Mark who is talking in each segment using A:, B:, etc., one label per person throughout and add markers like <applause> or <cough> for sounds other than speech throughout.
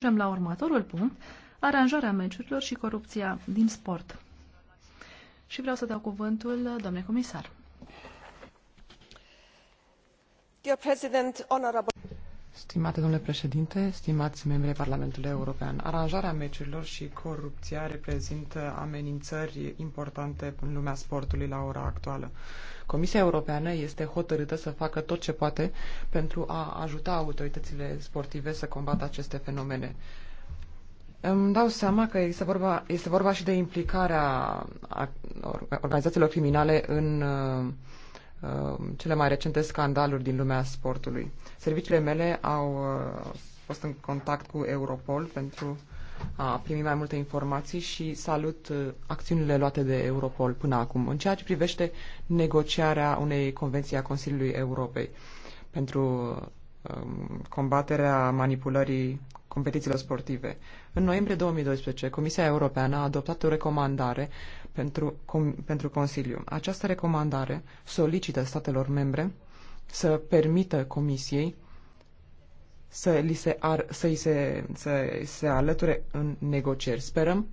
A: mergem la următorul punct, aranjarea meciurilor și corupția din sport. Și vreau să dau cuvântul domnule comisar. Dear President, honorable...
B: Stimate domnule președinte, stimați membrii Parlamentului European, aranjarea meciurilor și corupția reprezintă amenințări importante în lumea sportului la ora actuală. Comisia Europeană este hotărâtă să facă tot ce poate pentru a ajuta autoritățile sportive să combată aceste fenomene. Îmi dau seama că este vorba, este vorba și de implicarea organizațiilor criminale în uh, uh, cele mai recente scandaluri din lumea sportului. Serviciile mele au uh, fost în contact cu Europol pentru a primi mai multe informații și salut uh, acțiunile luate de Europol până acum în ceea ce privește negociarea unei convenții a Consiliului Europei pentru um, combaterea manipulării competițiilor sportive. În noiembrie 2012, Comisia Europeană a adoptat o recomandare pentru, com, pentru Consiliu. Această recomandare solicită statelor membre să permită Comisiei să, li se, ar, să, îi se, să se alăture în negocieri. Sperăm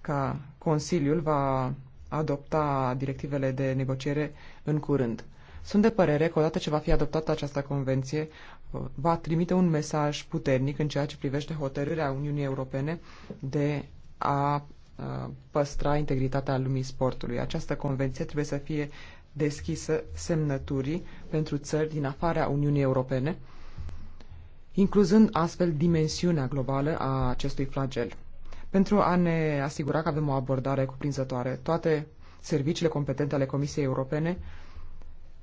B: ca Consiliul va adopta directivele de negociere în curând. Sunt de părere că odată ce va fi adoptată această convenție, va trimite un mesaj puternic în ceea ce privește hotărârea Uniunii Europene de a păstra integritatea lumii sportului. Această convenție trebuie să fie deschisă semnăturii pentru țări din afara Uniunii Europene, incluzând astfel dimensiunea globală a acestui flagel. Pentru a ne asigura că avem o abordare cuprinzătoare, toate serviciile competente ale Comisiei Europene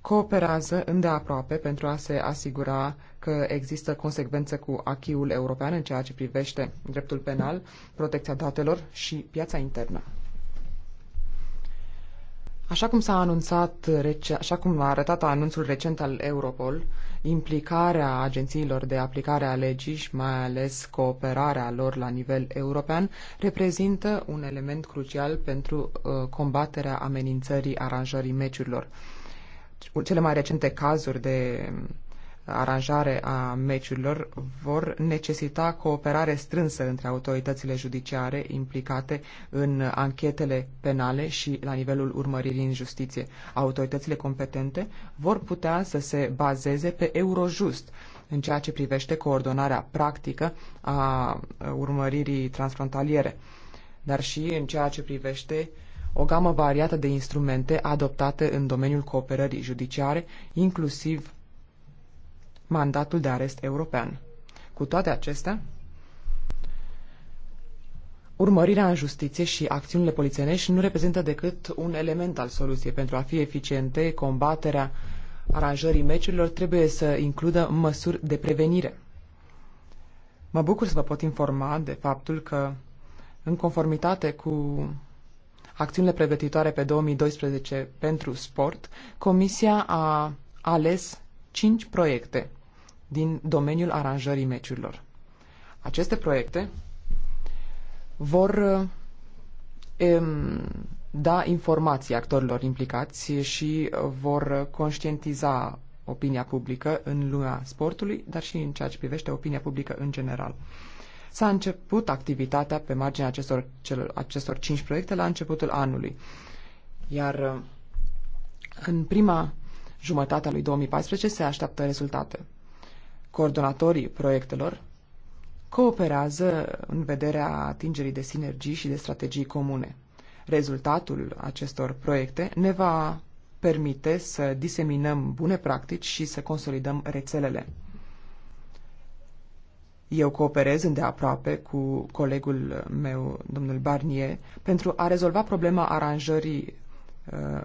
B: cooperează îndeaproape pentru a se asigura că există consecvențe cu achiul european în ceea ce privește dreptul penal, protecția datelor și piața internă. Așa cum s-a anunțat, așa cum a arătat anunțul recent al Europol, implicarea agențiilor de aplicare a legii și mai ales cooperarea lor la nivel european reprezintă un element crucial pentru uh, combaterea amenințării aranjării meciurilor. Cele mai recente cazuri de aranjare a meciurilor vor necesita cooperare strânsă între autoritățile judiciare implicate în anchetele penale și la nivelul urmăririi în justiție. Autoritățile competente vor putea să se bazeze pe Eurojust în ceea ce privește coordonarea practică a urmăririi transfrontaliere, dar și în ceea ce privește o gamă variată de instrumente adoptate în domeniul cooperării judiciare, inclusiv mandatul de arest european. Cu toate acestea, urmărirea în justiție și acțiunile polițienești nu reprezintă decât un element al soluției. Pentru a fi eficiente, combaterea aranjării meciurilor trebuie să includă măsuri de prevenire. Mă bucur să vă pot informa de faptul că, în conformitate cu acțiunile pregătitoare pe 2012 pentru sport, Comisia a ales 5 proiecte din domeniul aranjării meciurilor. Aceste proiecte vor uh, da informații actorilor implicați și vor conștientiza opinia publică în lumea sportului, dar și în ceea ce privește opinia publică în general. S-a început activitatea pe marginea acestor, celor, acestor cinci proiecte la începutul anului. Iar uh, în prima jumătate a lui 2014 se așteaptă rezultate. Coordonatorii proiectelor cooperează în vederea atingerii de sinergii și de strategii comune. Rezultatul acestor proiecte ne va permite să diseminăm bune practici și să consolidăm rețelele. Eu cooperez îndeaproape cu colegul meu, domnul Barnier, pentru a rezolva problema aranjării uh,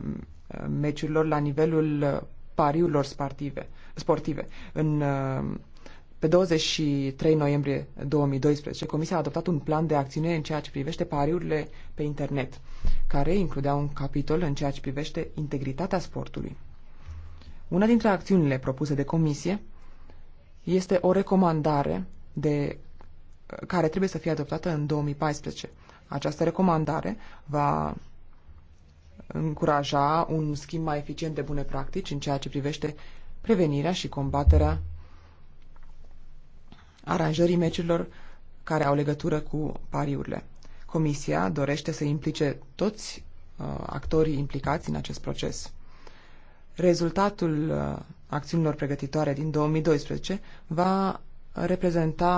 B: meciurilor la nivelul pariurilor sportive sportive. În, uh, pe 23 noiembrie 2012, Comisia a adoptat un plan de acțiune în ceea ce privește pariurile pe internet, care includea un capitol în ceea ce privește integritatea sportului. Una dintre acțiunile propuse de Comisie este o recomandare de, uh, care trebuie să fie adoptată în 2014. Această recomandare va încuraja un schimb mai eficient de bune practici în ceea ce privește prevenirea și combaterea aranjării meciurilor care au legătură cu pariurile. Comisia dorește să implice toți uh, actorii implicați în acest proces. Rezultatul uh, acțiunilor pregătitoare din 2012 va reprezenta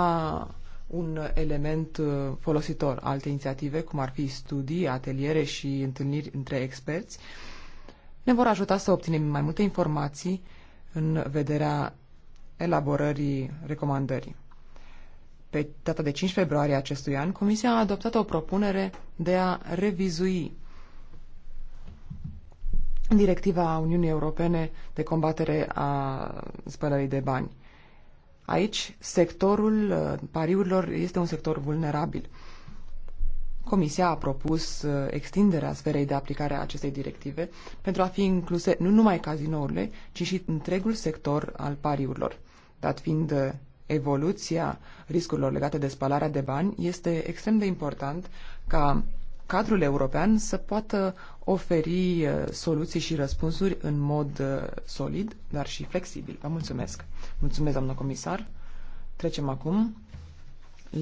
B: un element uh, folositor. Alte inițiative, cum ar fi studii, ateliere și întâlniri între experți, ne vor ajuta să obținem mai multe informații în vederea elaborării recomandării. Pe data de 5 februarie acestui an, Comisia a adoptat o propunere de a revizui directiva Uniunii Europene de combatere a spălării de bani. Aici, sectorul uh, pariurilor este un sector vulnerabil. Comisia a propus uh, extinderea sferei de aplicare a acestei directive pentru a fi incluse nu numai cazinourile, ci și întregul sector al pariurilor. Dat fiind uh, evoluția riscurilor legate de spălarea de bani, este extrem de important ca cadrul european să poată oferi uh, soluții și răspunsuri în mod solid, dar și flexibil. Vă mulțumesc. Mulțumesc, doamnă comisar. Trecem acum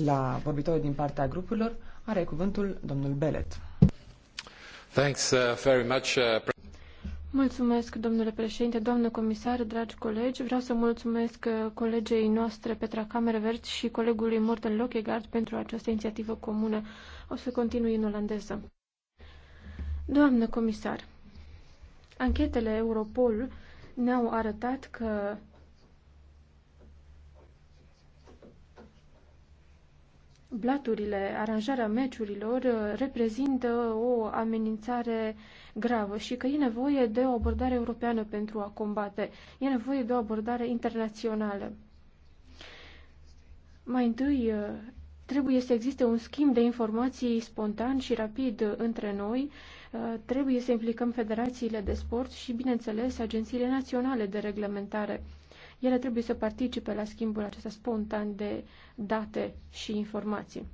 B: la vorbitorii din partea grupurilor. Are cuvântul domnul Belet.
C: Thanks uh, very much. Uh,
D: mulțumesc, domnule președinte, doamnă comisar, dragi colegi. Vreau să mulțumesc uh, colegei noastre Petra Camerevert și colegului Morten Lockegaard pentru această inițiativă comună. O să continui în olandeză. Doamnă comisar, anchetele Europol ne-au arătat că blaturile, aranjarea meciurilor uh, reprezintă o amenințare gravă și că e nevoie de o abordare europeană pentru a combate. E nevoie de o abordare internațională. Mai întâi, uh, trebuie să existe un schimb de informații spontan și rapid uh, între noi, trebuie să implicăm federațiile de sport și, bineînțeles, agențiile naționale de reglementare. Ele trebuie să participe la schimbul acesta spontan de date și informații.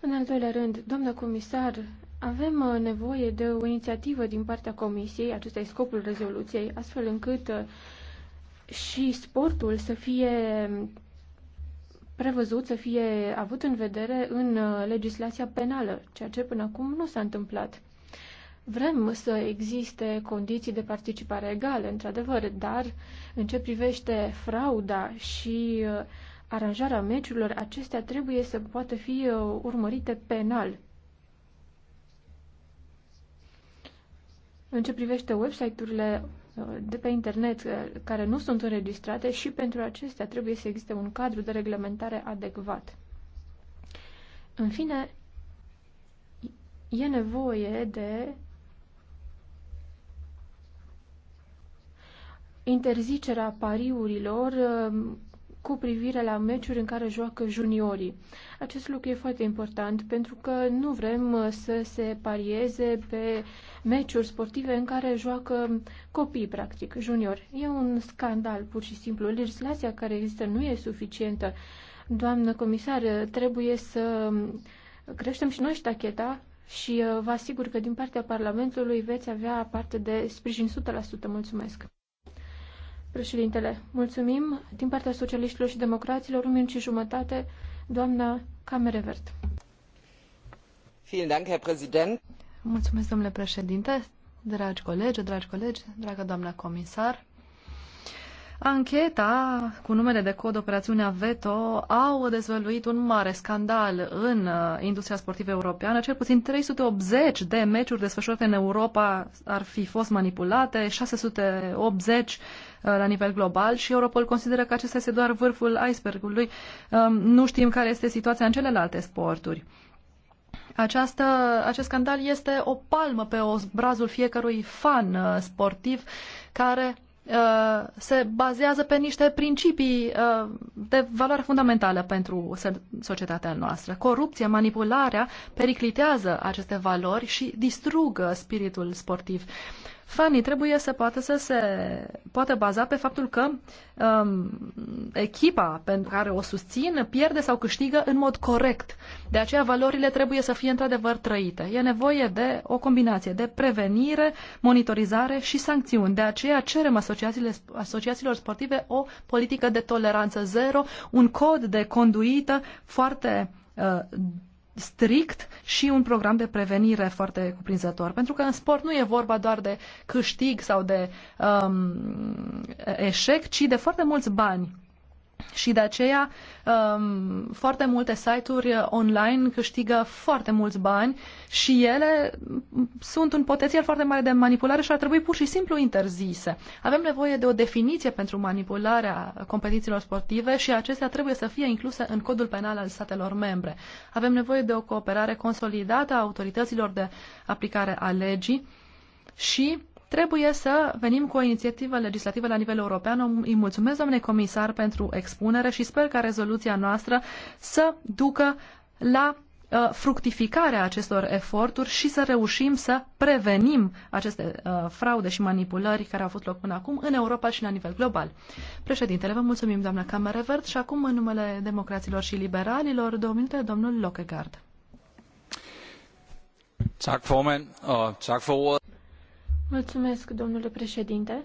D: În al doilea rând, doamnă comisar, avem uh, nevoie de o inițiativă din partea Comisiei, acesta e scopul rezoluției, astfel încât uh, și sportul să fie prevăzut, să fie avut în vedere în uh, legislația penală, ceea ce până acum nu s-a întâmplat. Vrem să existe condiții de participare egale, într-adevăr, dar în ce privește frauda și uh, aranjarea meciurilor, acestea trebuie să poată fi uh, urmărite penal. În ce privește website-urile uh, de pe internet care nu sunt înregistrate și pentru acestea trebuie să existe un cadru de reglementare adecvat. În fine, e nevoie de interzicerea pariurilor um, cu privire la meciuri în care joacă juniorii. Acest lucru e foarte important pentru că nu vrem uh, să se parieze pe meciuri sportive în care joacă copii, practic, juniori. E un scandal, pur și simplu. Legislația care există nu e suficientă. Doamnă comisar, trebuie să um, creștem și noi ștacheta și uh, vă asigur că din partea Parlamentului veți avea parte de sprijin 100%. Mulțumesc! Președintele, mulțumim. Din partea socialiștilor și democraților, un minut și jumătate, doamna Camerevert.
A: Mulțumesc, domnule președinte, dragi colegi, dragi colegi, dragă doamna comisar. Ancheta cu numele de cod Operațiunea Veto au dezvăluit un mare scandal în uh, industria sportivă europeană. Cel puțin 380 de meciuri desfășurate în Europa ar fi fost manipulate, 680 Uh, la nivel global și Europol consideră că acesta este doar vârful icebergului. Um, nu știm care este situația în celelalte sporturi. Această, acest scandal este o palmă pe o brazul fiecărui fan uh, sportiv care uh, se bazează pe niște principii de valoare fundamentală pentru societatea noastră. Corupția, manipularea periclitează aceste valori și distrugă spiritul sportiv. Fanii trebuie să poată să se poată baza pe faptul că um, echipa pentru care o susțin pierde sau câștigă în mod corect. De aceea valorile trebuie să fie într-adevăr trăite. E nevoie de o combinație de prevenire, monitorizare și sancțiuni. De aceea cerem asociațiilor sportive o politică de toleranță zero, un cod de conduită foarte uh, strict și un program de prevenire foarte cuprinzător. Pentru că în sport nu e vorba doar de câștig sau de um, eșec, ci de foarte mulți bani și de aceea um, foarte multe site-uri online câștigă foarte mulți bani și ele sunt un potențial foarte mare de manipulare și ar trebui pur și simplu interzise. Avem nevoie de o definiție pentru manipularea competițiilor sportive și acestea trebuie să fie incluse în codul penal al statelor membre. Avem nevoie de o cooperare consolidată a autorităților de aplicare a legii și Trebuie să venim cu o inițiativă legislativă la nivel european. Îi mulțumesc, domnule comisar, pentru expunere și sper ca rezoluția noastră să ducă la uh, fructificarea acestor eforturi și să reușim să prevenim aceste uh, fraude și manipulări care au avut loc până acum în Europa și la nivel global. Președintele, vă mulțumim, doamna Verde, și acum în numele democraților și liberalilor, două minute, domnul Lockegaard.
C: Tak, formand, og tak for ordet.
D: Mulțumesc, domnule președinte.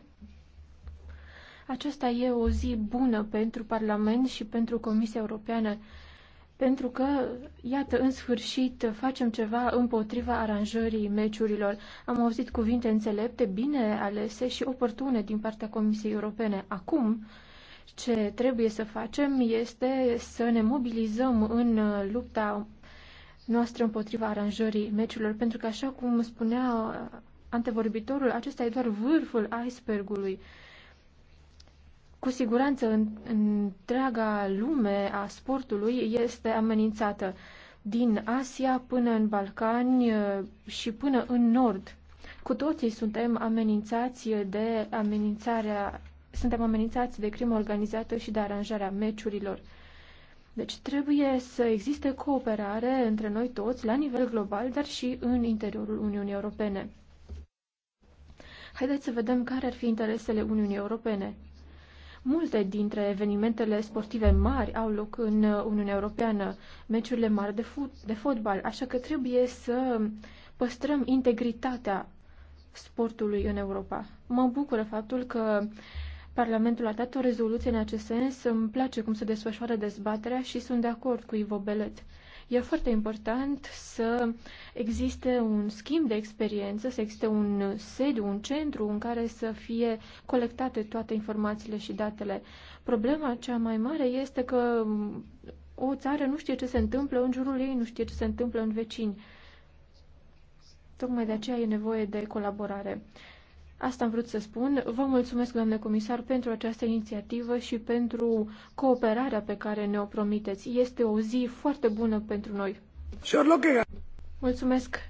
D: Aceasta e o zi bună pentru Parlament și pentru Comisia Europeană, pentru că, iată, în sfârșit facem ceva împotriva aranjării meciurilor. Am auzit cuvinte înțelepte, bine alese și oportune din partea Comisiei Europene. Acum, ce trebuie să facem este să ne mobilizăm în lupta noastră împotriva aranjării meciurilor, pentru că, așa cum spunea antevorbitorul, acesta e doar vârful icebergului. Cu siguranță în, întreaga lume a sportului este amenințată din Asia până în Balcani uh, și până în Nord. Cu toții suntem amenințați de amenințarea, suntem amenințați de crimă organizată și de aranjarea meciurilor. Deci trebuie să existe cooperare între noi toți la nivel global, dar și în interiorul Uniunii Europene. Haideți să vedem care ar fi interesele Uniunii Europene. Multe dintre evenimentele sportive mari au loc în Uniunea Europeană, meciurile mari de, fut, de fotbal, așa că trebuie să păstrăm integritatea sportului în Europa. Mă bucură faptul că Parlamentul a dat o rezoluție în acest sens, îmi place cum se desfășoară dezbaterea și sunt de acord cu Ivo Belet. E foarte important să existe un schimb de experiență, să existe un sediu, un centru în care să fie colectate toate informațiile și datele. Problema cea mai mare este că o țară nu știe ce se întâmplă în jurul ei, nu știe ce se întâmplă în vecini. Tocmai de aceea e nevoie de colaborare. Asta am vrut să spun. Vă mulțumesc, doamne comisar, pentru această inițiativă și pentru cooperarea pe care ne-o promiteți. Este o zi foarte bună pentru noi. Mulțumesc.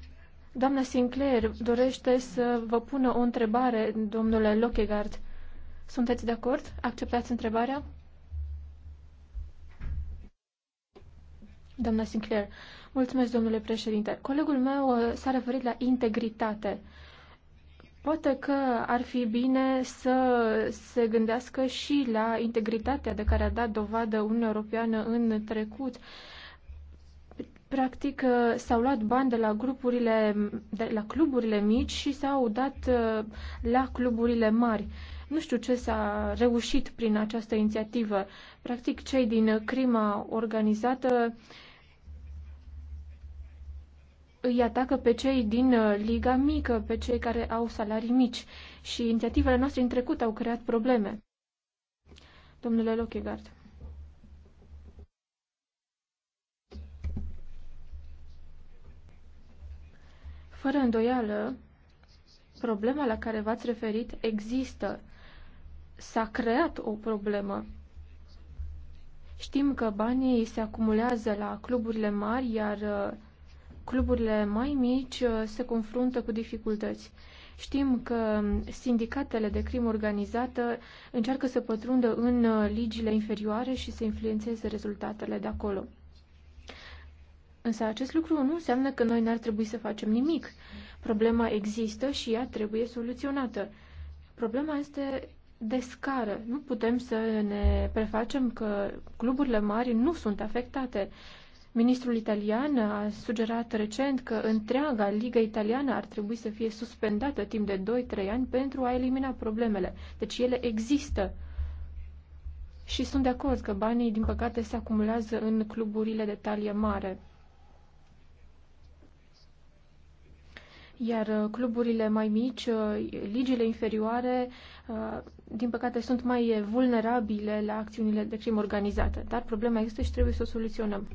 D: Doamna Sinclair dorește să vă pună o întrebare, domnule Lochegard. Sunteți de acord? Acceptați întrebarea? Doamna Sinclair, mulțumesc, domnule președinte. Colegul meu uh, s-a referit la integritate. Poate că ar fi bine să se gândească și la integritatea de care a dat dovadă Uniunea Europeană în trecut. Practic, s-au luat bani de la grupurile, de la cluburile mici și s-au dat uh, la cluburile mari. Nu știu ce s-a reușit prin această inițiativă. Practic, cei din crima organizată uh, îi atacă pe cei din uh, Liga Mică, pe cei care au salarii mici și inițiativele noastre în trecut au creat probleme. Domnule Lochegard. Fără îndoială, problema la care v-ați referit există. S-a creat o problemă. Știm că banii se acumulează la cluburile mari, iar uh, cluburile mai mici uh, se confruntă cu dificultăți. Știm că sindicatele de crimă organizată încearcă să pătrundă în uh, ligile inferioare și să influențeze rezultatele de acolo. Însă acest lucru nu înseamnă că noi n-ar trebui să facem nimic. Problema există și ea trebuie soluționată. Problema este de scară. Nu putem să ne prefacem că cluburile mari nu sunt afectate. Ministrul italian a sugerat recent că întreaga ligă italiană ar trebui să fie suspendată timp de 2-3 ani pentru a elimina problemele. Deci ele există. Și sunt de acord că banii, din păcate, se acumulează în cluburile de talie mare. iar uh, cluburile mai mici, uh, ligile inferioare, uh, din păcate, sunt mai vulnerabile la acțiunile de crimă organizată. Dar problema există și trebuie să o soluționăm.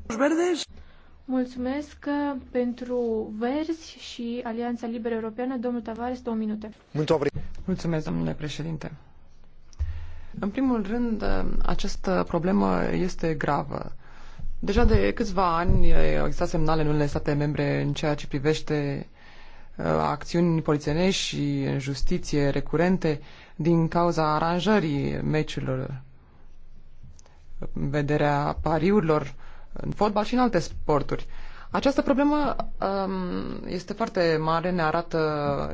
D: Mulțumesc pentru Verzi și Alianța Liberă Europeană. Domnul Tavares, două minute.
B: Mulțumesc, domnule președinte. În primul rând, această problemă este gravă. Deja de câțiva ani au existat semnale în unele state membre în ceea ce privește Uh, acțiuni polițienești și în justiție recurente din cauza aranjării meciurilor, vederea pariurilor în fotbal și în alte sporturi. Această problemă um, este foarte mare, ne arată,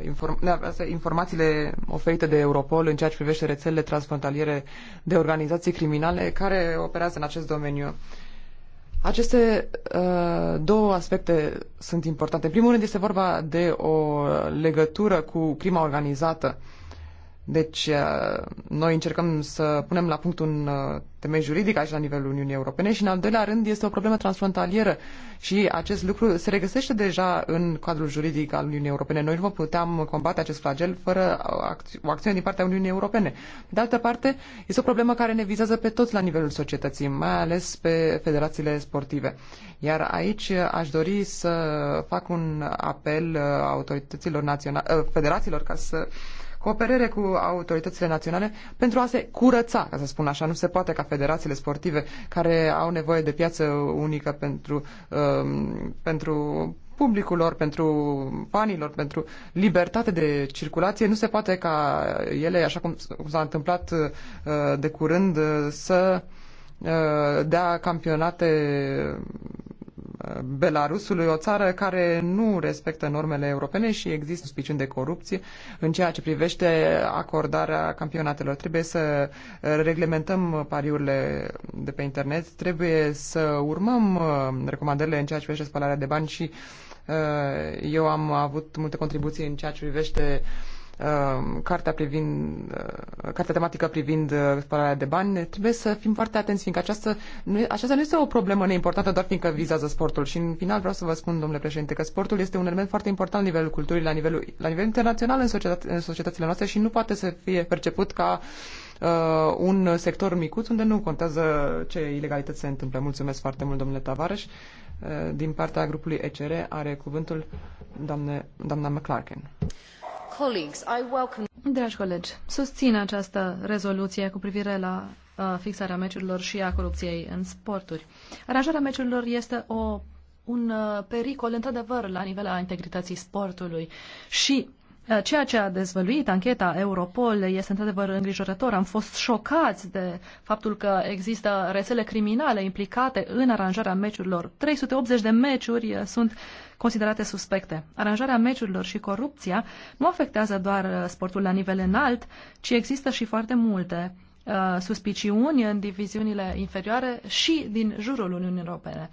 B: inform- ne informațiile oferite de Europol în ceea ce privește rețelele transfrontaliere de organizații criminale care operează în acest domeniu. Uh, aceste uh, două aspecte sunt importante. În primul rând este vorba de o legătură cu crima organizată uh, deci, uh, noi încercăm să punem la punct un uh, temei juridic aici la nivelul Uniunii Europene și, în al doilea rând, este o problemă transfrontalieră și acest lucru se regăsește deja în cadrul juridic al Uniunii Europene. Noi nu putea combate acest flagel fără uh, o acțiune din partea Uniunii Europene. De altă parte, este o problemă care ne vizează pe toți la nivelul societății, mai ales pe federațiile sportive. Iar aici aș dori să fac un apel autorităților naționale, federațiilor ca să uh, cooperare cu autoritățile naționale pentru a se curăța, ca să spun așa. Nu se poate ca federațiile sportive care au nevoie de piață unică pentru, um, pentru publicul lor, pentru fanilor, pentru libertate de circulație, nu se poate ca ele, așa cum s-a întâmplat uh, de curând, uh, să uh, dea campionate Belarusului, o țară care nu respectă normele europene și există suspiciuni de corupție în ceea ce privește acordarea campionatelor. Trebuie să reglementăm pariurile de pe internet, trebuie să urmăm uh, recomandările în ceea ce privește spălarea de bani și uh, eu am avut multe contribuții în ceea ce privește uh, Um, cartea, privind, uh, cartea tematică privind uh, spălarea de bani, trebuie să fim foarte atenți, fiindcă aceasta nu, aceasta nu este o problemă neimportantă doar fiindcă vizează sportul. Și în final vreau să vă spun, domnule președinte, că sportul este un element foarte important la nivelul culturii, la nivelul, la nivel internațional în, societate, în societățile noastre și nu poate să fie perceput ca uh, un sector micuț unde nu contează ce ilegalități se întâmplă. Mulțumesc foarte mult, domnule Tavares. Uh, din partea grupului ECR are cuvântul doamne, doamna McClarken.
A: Dragi colegi, susțin această rezoluție cu privire la uh, fixarea meciurilor și a corupției în sporturi. Aranjarea meciurilor este o, un uh, pericol, într-adevăr, la nivel a integrității sportului și Uh, ceea ce a dezvăluit ancheta Europol este într-adevăr îngrijorător. Am fost șocați de faptul că există rețele criminale implicate în aranjarea meciurilor. 380 de meciuri uh, sunt considerate suspecte. Aranjarea meciurilor și corupția nu afectează doar uh, sportul la nivel înalt, ci există și foarte multe uh, suspiciuni în diviziunile inferioare și din jurul Uniunii Europene.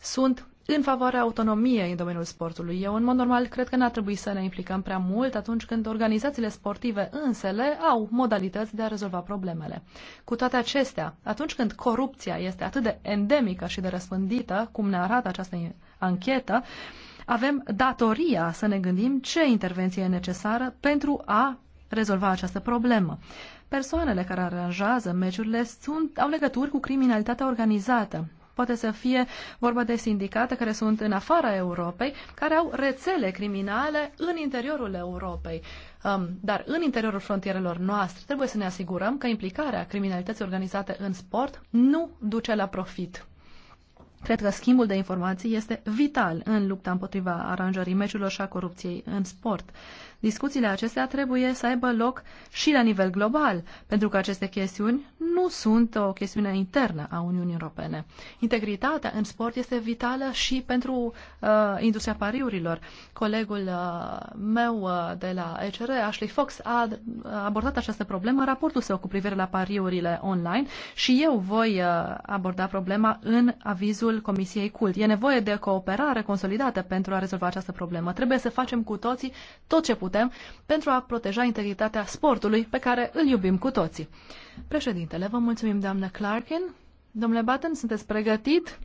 A: Sunt în favoarea autonomiei în domeniul sportului. Eu, în mod normal, cred că n-ar trebui să ne implicăm prea mult atunci când organizațiile sportive însele au modalități de a rezolva problemele. Cu toate acestea, atunci când corupția este atât de endemică și de răspândită, cum ne arată această anchetă, avem datoria să ne gândim ce intervenție e necesară pentru a rezolva această problemă. Persoanele care aranjează meciurile sunt, au legături cu criminalitatea organizată poate să fie vorba de sindicate care sunt în afara Europei, care au rețele criminale în interiorul Europei. Um, dar în interiorul frontierelor noastre trebuie să ne asigurăm că implicarea criminalității organizate în sport nu duce la profit. Cred că schimbul de informații este vital în lupta împotriva aranjării meciurilor și a corupției în sport. Discuțiile acestea trebuie să aibă loc și la nivel global, pentru că aceste chestiuni nu sunt o chestiune internă a Uniunii Europene. Integritatea în sport este vitală și pentru uh, industria pariurilor. Colegul uh, meu uh, de la ECR, Ashley Fox, a abordat această problemă în raportul său cu privire la pariurile online și eu voi uh, aborda problema în avizul Comisiei Cult. E nevoie de cooperare consolidată pentru a rezolva această problemă. Trebuie să facem cu toții tot ce putem putem pentru a proteja integritatea sportului pe care îl iubim cu toții. Președintele, vă mulțumim, doamnă Clarkin. Domnule Batten, sunteți pregătit?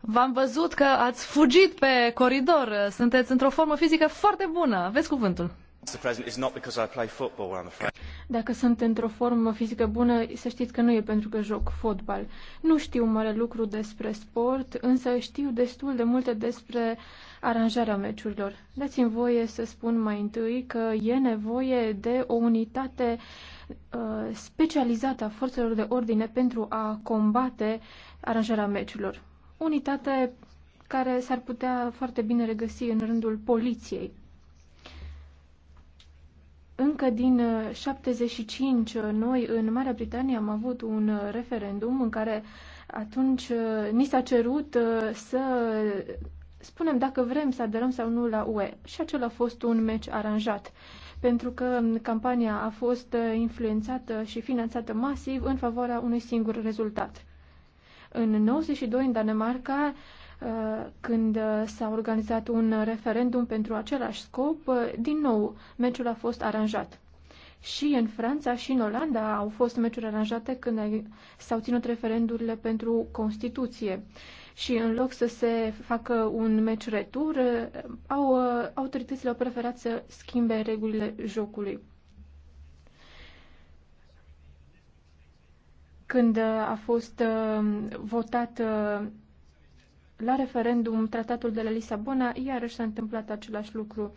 A: V-am văzut că ați fugit pe coridor. Sunteți într-o formă fizică foarte bună. Aveți cuvântul. Dacă sunt într-o formă fizică bună, să știți că nu e pentru că joc
D: fotbal. Nu știu mare lucru despre sport, însă știu destul de multe despre aranjarea meciurilor. Dați-mi voie să spun mai întâi că e nevoie de o unitate uh, specializată a forțelor de ordine pentru a combate aranjarea meciurilor. Unitate care s-ar putea foarte bine regăsi în rândul poliției încă din 75 uh, uh, noi în Marea Britanie am avut un uh, referendum în care atunci ni s-a cerut să spunem dacă vrem să aderăm sau nu la UE și acela a fost un meci aranjat pentru că um, campania a fost influențată și finanțată masiv în favoarea unui singur rezultat. În 92 în Danemarca când s-a organizat un referendum pentru același scop, din nou meciul a fost aranjat. Și în Franța și în Olanda au fost meciuri aranjate când s-au ținut referendurile pentru Constituție. Și în loc să se facă un meci retur, au, autoritățile au preferat să schimbe regulile jocului. Când a fost um, votat uh, la referendum tratatul de la Lisabona, iarăși s-a întâmplat același lucru.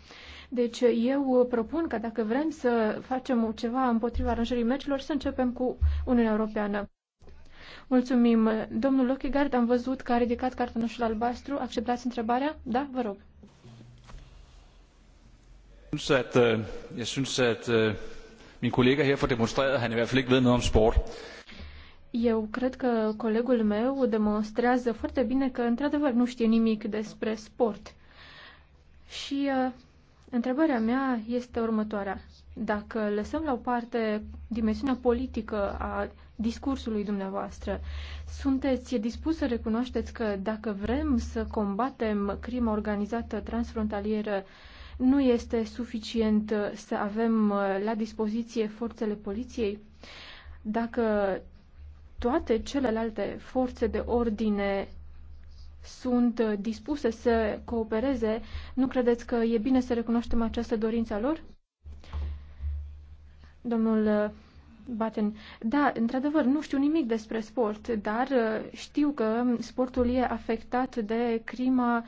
D: Deci eu propun că dacă vrem să facem ceva împotriva aranjării meciilor, să începem cu Uniunea Europeană. Mulțumim. Domnul Lochegard, am văzut că a ridicat cartonașul albastru. Acceptați întrebarea? Da? Vă rog.
C: Jeg synes, at, øh, jeg synes, at øh, min kollega her får demonstreret, at han i hvert fald ikke ved noget om sport.
D: Eu cred că colegul meu demonstrează foarte bine că, într-adevăr, nu știe nimic despre sport. Și uh, întrebarea mea este următoarea. Dacă lăsăm la o parte dimensiunea politică a discursului dumneavoastră, sunteți dispus să recunoașteți că dacă vrem să combatem crima organizată transfrontalieră, nu este suficient să avem uh, la dispoziție forțele poliției? Dacă toate celelalte forțe de ordine sunt uh, dispuse să coopereze, nu credeți că e bine să recunoaștem această dorință a lor? Domnul uh, Baten, da, într-adevăr, nu știu nimic despre sport, dar uh, știu că sportul e afectat de crima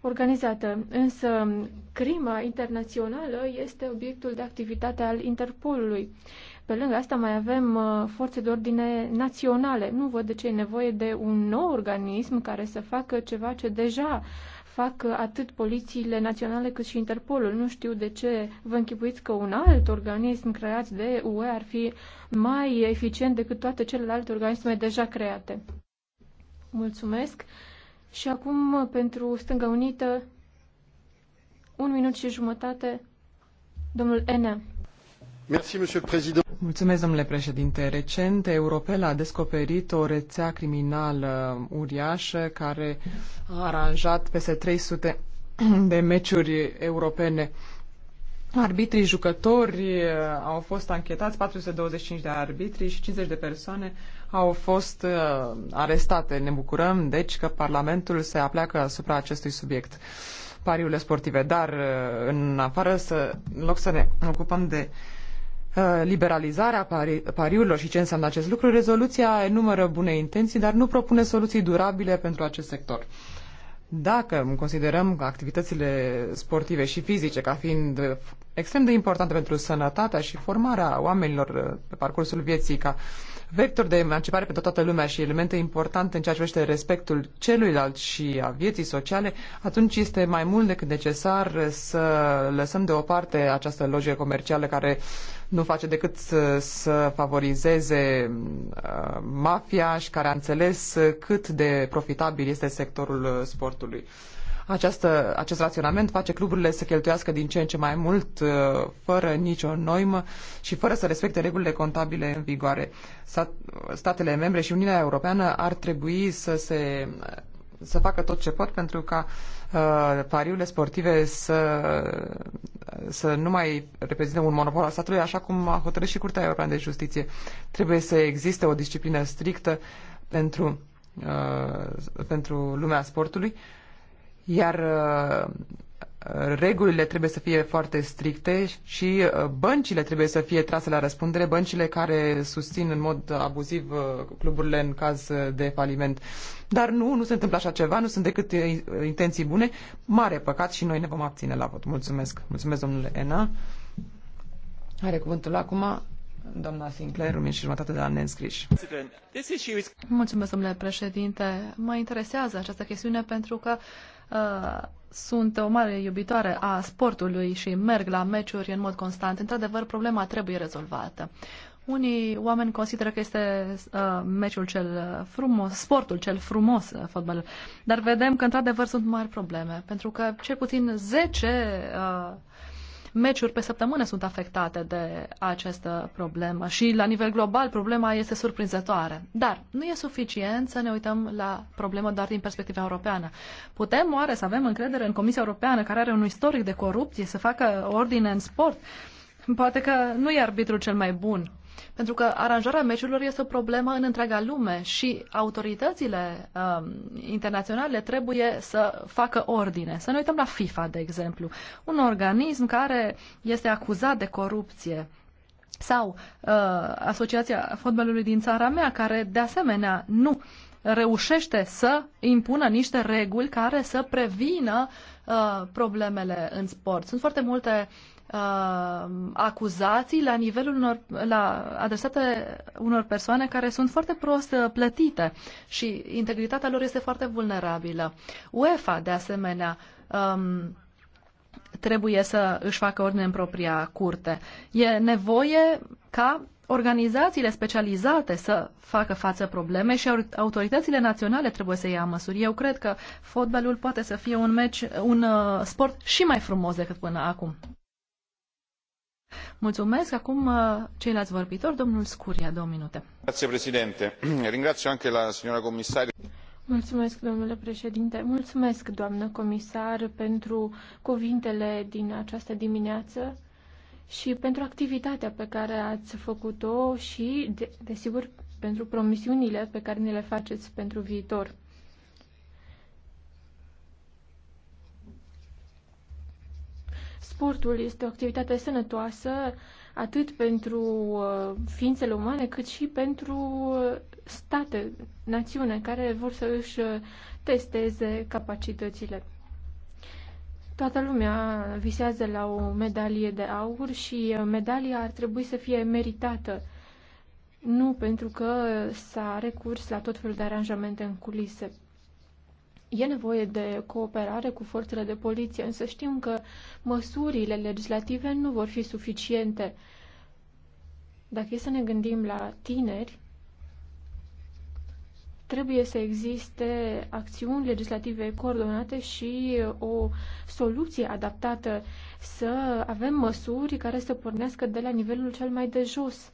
D: organizată. Însă, crima internațională este obiectul de activitate al Interpolului pe lângă asta mai avem uh, forțe de ordine naționale. Nu văd de ce e nevoie de un nou organism care să facă ceva ce deja fac uh, atât polițiile naționale cât și Interpolul. Nu știu de ce vă închipuiți că un alt organism creat de UE ar fi mai eficient decât toate celelalte organisme deja create. Mulțumesc. Și acum uh, pentru Stânga Unită, un minut și jumătate, domnul Enea.
B: Mulțumesc, domnule președinte. Recent, Europel a descoperit o rețea criminală uh, uriașă care a aranjat peste 300 <clears throat> de meciuri europene. Arbitrii jucători uh, au fost anchetați, 425 de arbitri și 50 de persoane au fost uh, arestate. Ne bucurăm, deci, că Parlamentul se apleacă asupra acestui subiect pariurile sportive, dar în afară să, în loc să ne ocupăm de uh, Uh, liberalizarea pariurilor și ce înseamnă acest lucru, rezoluția enumără bune intenții, dar nu propune soluții durabile pentru acest sector. Dacă considerăm activitățile sportive și fizice ca fiind extrem de importante pentru sănătatea și formarea oamenilor uh, pe parcursul vieții ca vector de emancipare pentru toată lumea și elemente importante în ceea ce privește respectul celuilalt și a vieții sociale, atunci este mai mult decât necesar să lăsăm deoparte această logică comercială care nu face decât să, să favorizeze uh, mafia și care a înțeles cât de profitabil este sectorul uh, sportului. Această, acest raționament face cluburile să cheltuiască din ce în ce mai mult, uh, fără nicio noimă și fără să respecte regulile contabile în vigoare. Statele membre și Uniunea Europeană ar trebui să se să facă tot ce pot pentru ca uh, Uh, pariurile sportive să, să nu mai reprezinte un monopol al statului, așa cum a hotărât și Curtea Europeană de Justiție. Trebuie să existe o disciplină strictă pentru, uh, pentru lumea sportului, iar uh, regulile trebuie să fie foarte stricte și uh, băncile trebuie să fie trase la răspundere, băncile care susțin în mod abuziv uh, cluburile în caz de faliment. Dar nu, nu se întâmplă așa ceva, nu sunt decât uh, intenții bune. Mare păcat și noi ne vom abține la vot. Mulțumesc. Mulțumesc, domnule Ena. Are cuvântul acum doamna Sinclair, un și jumătate de la neînscriși.
A: Mulțumesc, domnule președinte. Mă interesează această chestiune pentru că uh, Uh, sunt o mare iubitoare a sportului și merg la meciuri în mod constant. Într-adevăr, problema trebuie rezolvată. Unii oameni consideră că este uh, meciul cel frumos, sportul cel frumos, uh, fotbalul. Dar vedem că, într-adevăr, sunt mari probleme, pentru că cel puțin 10 uh, meciuri pe săptămână sunt afectate de această problemă și la nivel global problema este surprinzătoare. Dar nu e suficient să ne uităm la problemă doar din perspectiva europeană. Putem oare să avem încredere în Comisia Europeană care are un istoric de corupție să facă ordine în sport? Poate că nu e arbitrul cel mai bun pentru că aranjarea meciurilor este o problemă în întreaga lume și autoritățile um, internaționale trebuie să facă ordine. Să ne uităm la FIFA, de exemplu, un organism care este acuzat de corupție sau uh, Asociația Fotbalului din țara mea, care de asemenea nu reușește să impună niște reguli care să prevină uh, problemele în sport. Sunt foarte multe uh, uh, acuzații la nivelul unor, la, adresate unor persoane care sunt foarte prost uh, plătite și integritatea lor este foarte vulnerabilă. UEFA, de asemenea, um, trebuie să își facă ordine în propria curte. E nevoie ca organizațiile specializate să facă față probleme și autoritățile naționale trebuie să ia măsuri. Eu cred că fotbalul poate să fie un meci, un uh, sport și mai frumos decât până acum. Mulțumesc. Acum uh, ceilalți vorbitori, domnul Scuria, două minute.
C: Grazie, președinte. Ringrazio anche la signora comisario.
D: Mulțumesc, domnule președinte. Mulțumesc, doamnă comisar, pentru cuvintele din această dimineață și pentru activitatea pe care ați făcut-o și, de, desigur, pentru promisiunile pe care ne le faceți pentru viitor. Sportul este o activitate sănătoasă atât pentru uh, ființele umane cât și pentru uh, state, națiune care vor să își uh, testeze capacitățile. Toată lumea visează la o medalie de aur și medalia ar trebui să fie meritată, nu pentru că s-a recurs la tot felul de aranjamente în culise. E nevoie de cooperare cu forțele de poliție, însă știm că măsurile legislative nu vor fi suficiente. Dacă e să ne gândim la tineri, trebuie să existe acțiuni legislative coordonate și o soluție adaptată, să avem măsuri care să pornească de la nivelul cel mai de jos.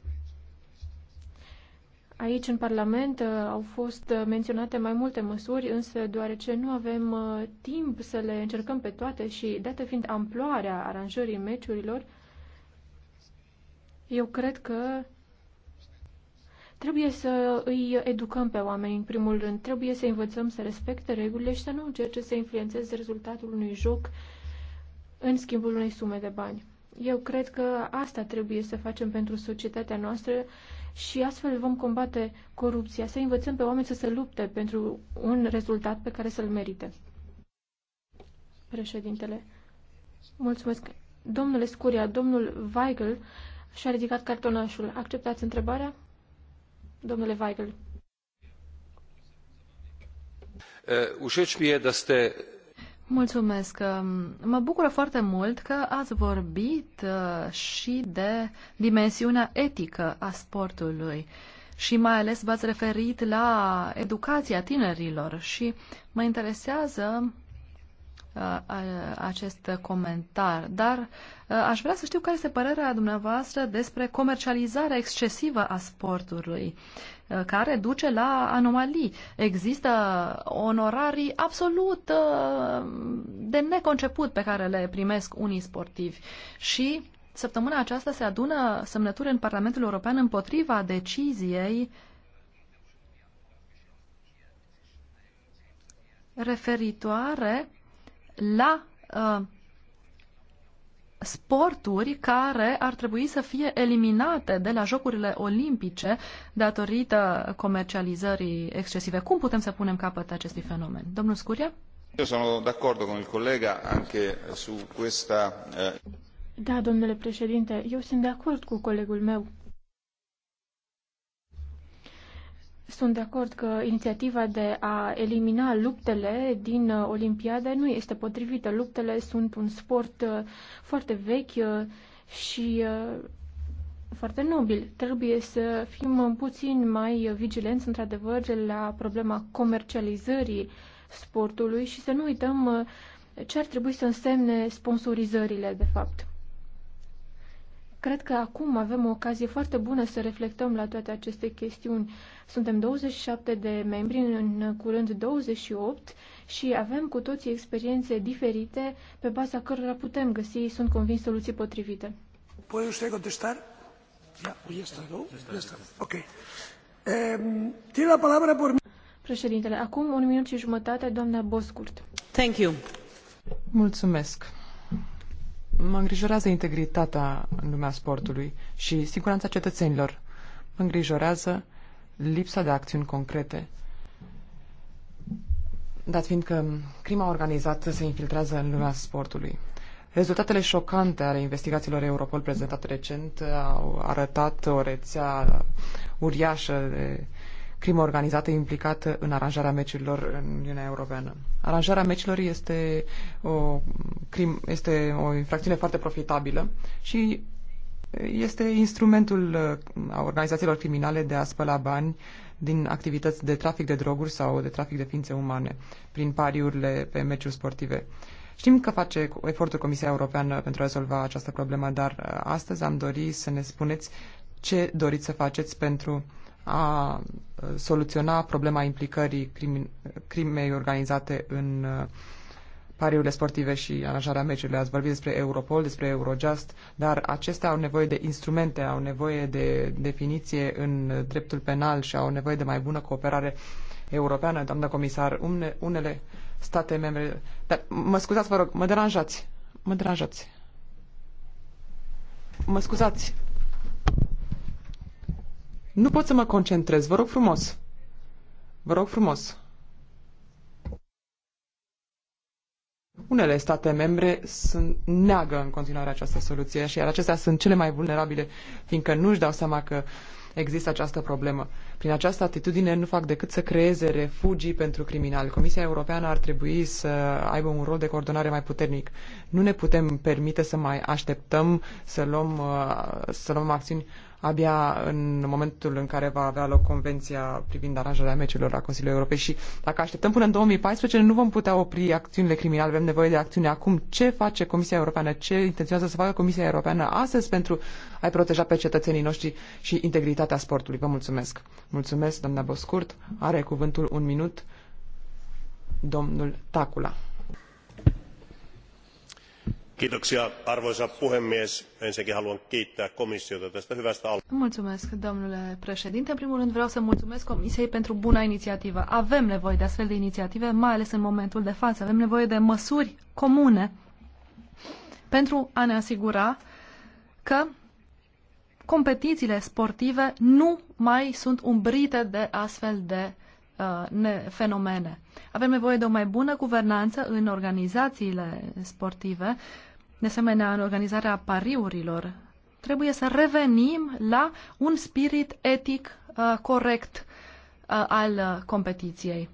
D: Aici, în Parlament, uh, au fost menționate mai multe măsuri, însă deoarece nu avem uh, timp să le încercăm pe toate și, dată fiind amploarea aranjării meciurilor, eu cred că trebuie să îi educăm pe oameni, în primul rând. Trebuie să învățăm să respecte regulile și să nu încerce să influențeze rezultatul unui joc în schimbul unei sume de bani. Eu cred că asta trebuie să facem pentru societatea noastră, și astfel vom combate corupția, să învățăm pe oameni să se lupte pentru un rezultat pe care să-l merite. Președintele, mulțumesc. Domnule Scuria, domnul Weigel și-a ridicat cartonașul. Acceptați întrebarea? Domnule Weigel.
C: Uh, ușeci mie de
A: Mulțumesc. Ehm, mă bucură foarte mult că ați vorbit eh, și de dimensiunea etică a sportului și mai ales v-ați referit la educația tinerilor și mă interesează acest comentar, dar aș vrea să știu care este părerea dumneavoastră despre comercializarea excesivă a sportului, care duce la anomalii. Există onorarii absolut de neconceput pe care le primesc unii sportivi și săptămâna aceasta se adună semnături în Parlamentul European împotriva deciziei referitoare la uh, sporturi care ar trebui să fie eliminate de la Jocurile Olimpice datorită comercializării excesive. Cum putem să punem capăt acestui fenomen? Domnul Scuria?
C: Eu sunt d'accordo con il anche su questa... Eh,
D: da, domnule președinte, eu sunt de acord cu colegul meu. Sunt de acord că inițiativa de a elimina luptele din uh, Olimpiade nu este potrivită. Luptele sunt un sport uh, foarte vechi uh, și foarte nobil. Trebuie să fim puțin mai vigilenți, într-adevăr, la problema comercializării sportului și să nu uităm ce ar trebui să însemne sponsorizările, de fapt. Cred că acum avem o ocazie foarte bună să reflectăm la toate aceste chestiuni. Suntem 27 de membri, în curând 28 și avem cu toții experiențe diferite pe baza cărora putem găsi, sunt convins, soluții potrivite.
C: Poate usted contestar?
E: Da, pues nu? está, Ok.
B: Tine la palabra por...
D: Președintele, acum un minut și jumătate, doamna Boscurt.
E: Thank you.
B: Mulțumesc. Mă îngrijorează integritatea în lumea sportului și siguranța cetățenilor. Mă îngrijorează lipsa de acțiuni concrete. Dat fiind că crima organizată se infiltrează în lumea sportului. Rezultatele șocante ale investigațiilor Europol prezentate recent au arătat o rețea uriașă de crimă organizată implicată în aranjarea meciurilor în Uniunea Europeană. Aranjarea meciurilor este o, crim, este o infracțiune foarte profitabilă și este instrumentul uh, a organizațiilor criminale de a spăla bani din activități de trafic de droguri sau de trafic de ființe umane prin pariurile pe meciuri sportive. Știm că face efortul Comisia Europeană pentru a rezolva această problemă, dar uh, astăzi am dorit să ne spuneți ce doriți să faceți pentru a soluționa problema implicării crimei organizate în pariurile sportive și aranjarea meciurilor. Ați vorbit despre Europol, despre Eurojust, dar acestea au nevoie de instrumente, au nevoie de definiție în dreptul penal și au nevoie de mai bună cooperare europeană, doamnă comisar. unele state membre... Dar mă scuzați, vă rog, mă deranjați. Mă deranjați. Mă scuzați. Nu pot să mă concentrez, vă rog frumos. Vă rog frumos. Unele state membre sunt, neagă în continuare această soluție și iar acestea sunt cele mai vulnerabile, fiindcă nu își dau seama că există această problemă. Prin această atitudine nu fac decât să creeze refugii pentru criminali. Comisia Europeană ar trebui să aibă un rol de coordonare mai puternic. Nu ne putem permite să mai așteptăm să luăm, uh, să luăm acțiuni abia în momentul în care va avea loc convenția privind aranjarea meciurilor la Consiliul Europei și dacă așteptăm până în 2014 nu vom putea opri acțiunile criminale, avem nevoie de acțiune acum. Ce face Comisia Europeană? Ce intenționează să facă Comisia Europeană astăzi pentru a-i proteja pe cetățenii noștri și integritatea sportului? Vă mulțumesc! Mulțumesc, doamna Boscurt. Are cuvântul un minut domnul Tacula
E: arvoisa puhemies ensinnäkin haluan kiittää komissiota tästä hyvästä
A: aloitteesta. în primul rând vreau să mulțumesc comisiei pentru buna inițiativă. avem nevoie de astfel de inițiative mai ales în momentul de față. avem nevoie de măsuri comune pentru a ne asigura că competițiile sportive nu mai sunt umbrite de astfel de uh, fenomene. Avem nevoie de o mai bună guvernanță în organizațiile sportive de asemenea în organizarea pariurilor, trebuie să revenim la un spirit etic uh, corect uh, al uh, competiției.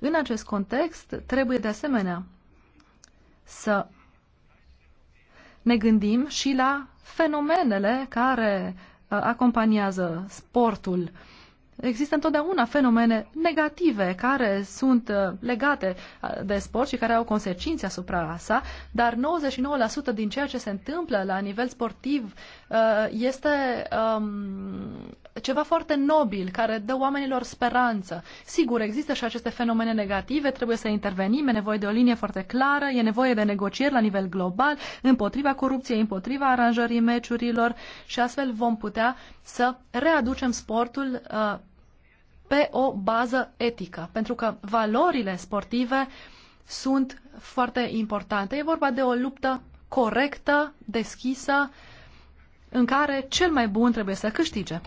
A: În acest context, trebuie de asemenea să ne gândim și la fenomenele care uh, acompaniază sportul uh, Există întotdeauna fenomene negative care sunt uh, legate uh, de sport și care au consecințe asupra sa, dar 99% din ceea ce se întâmplă la nivel sportiv uh, este um, ceva foarte nobil, care dă oamenilor speranță. Sigur, există și aceste fenomene negative, trebuie să intervenim, e nevoie de o linie foarte clară, e nevoie de negocieri la nivel global, împotriva corupției, împotriva aranjării meciurilor și astfel vom putea să readucem sportul pe o bază etică, pentru că valorile sportive sunt foarte importante. E vorba de o luptă corectă, deschisă, în care cel mai bun trebuie să câștige.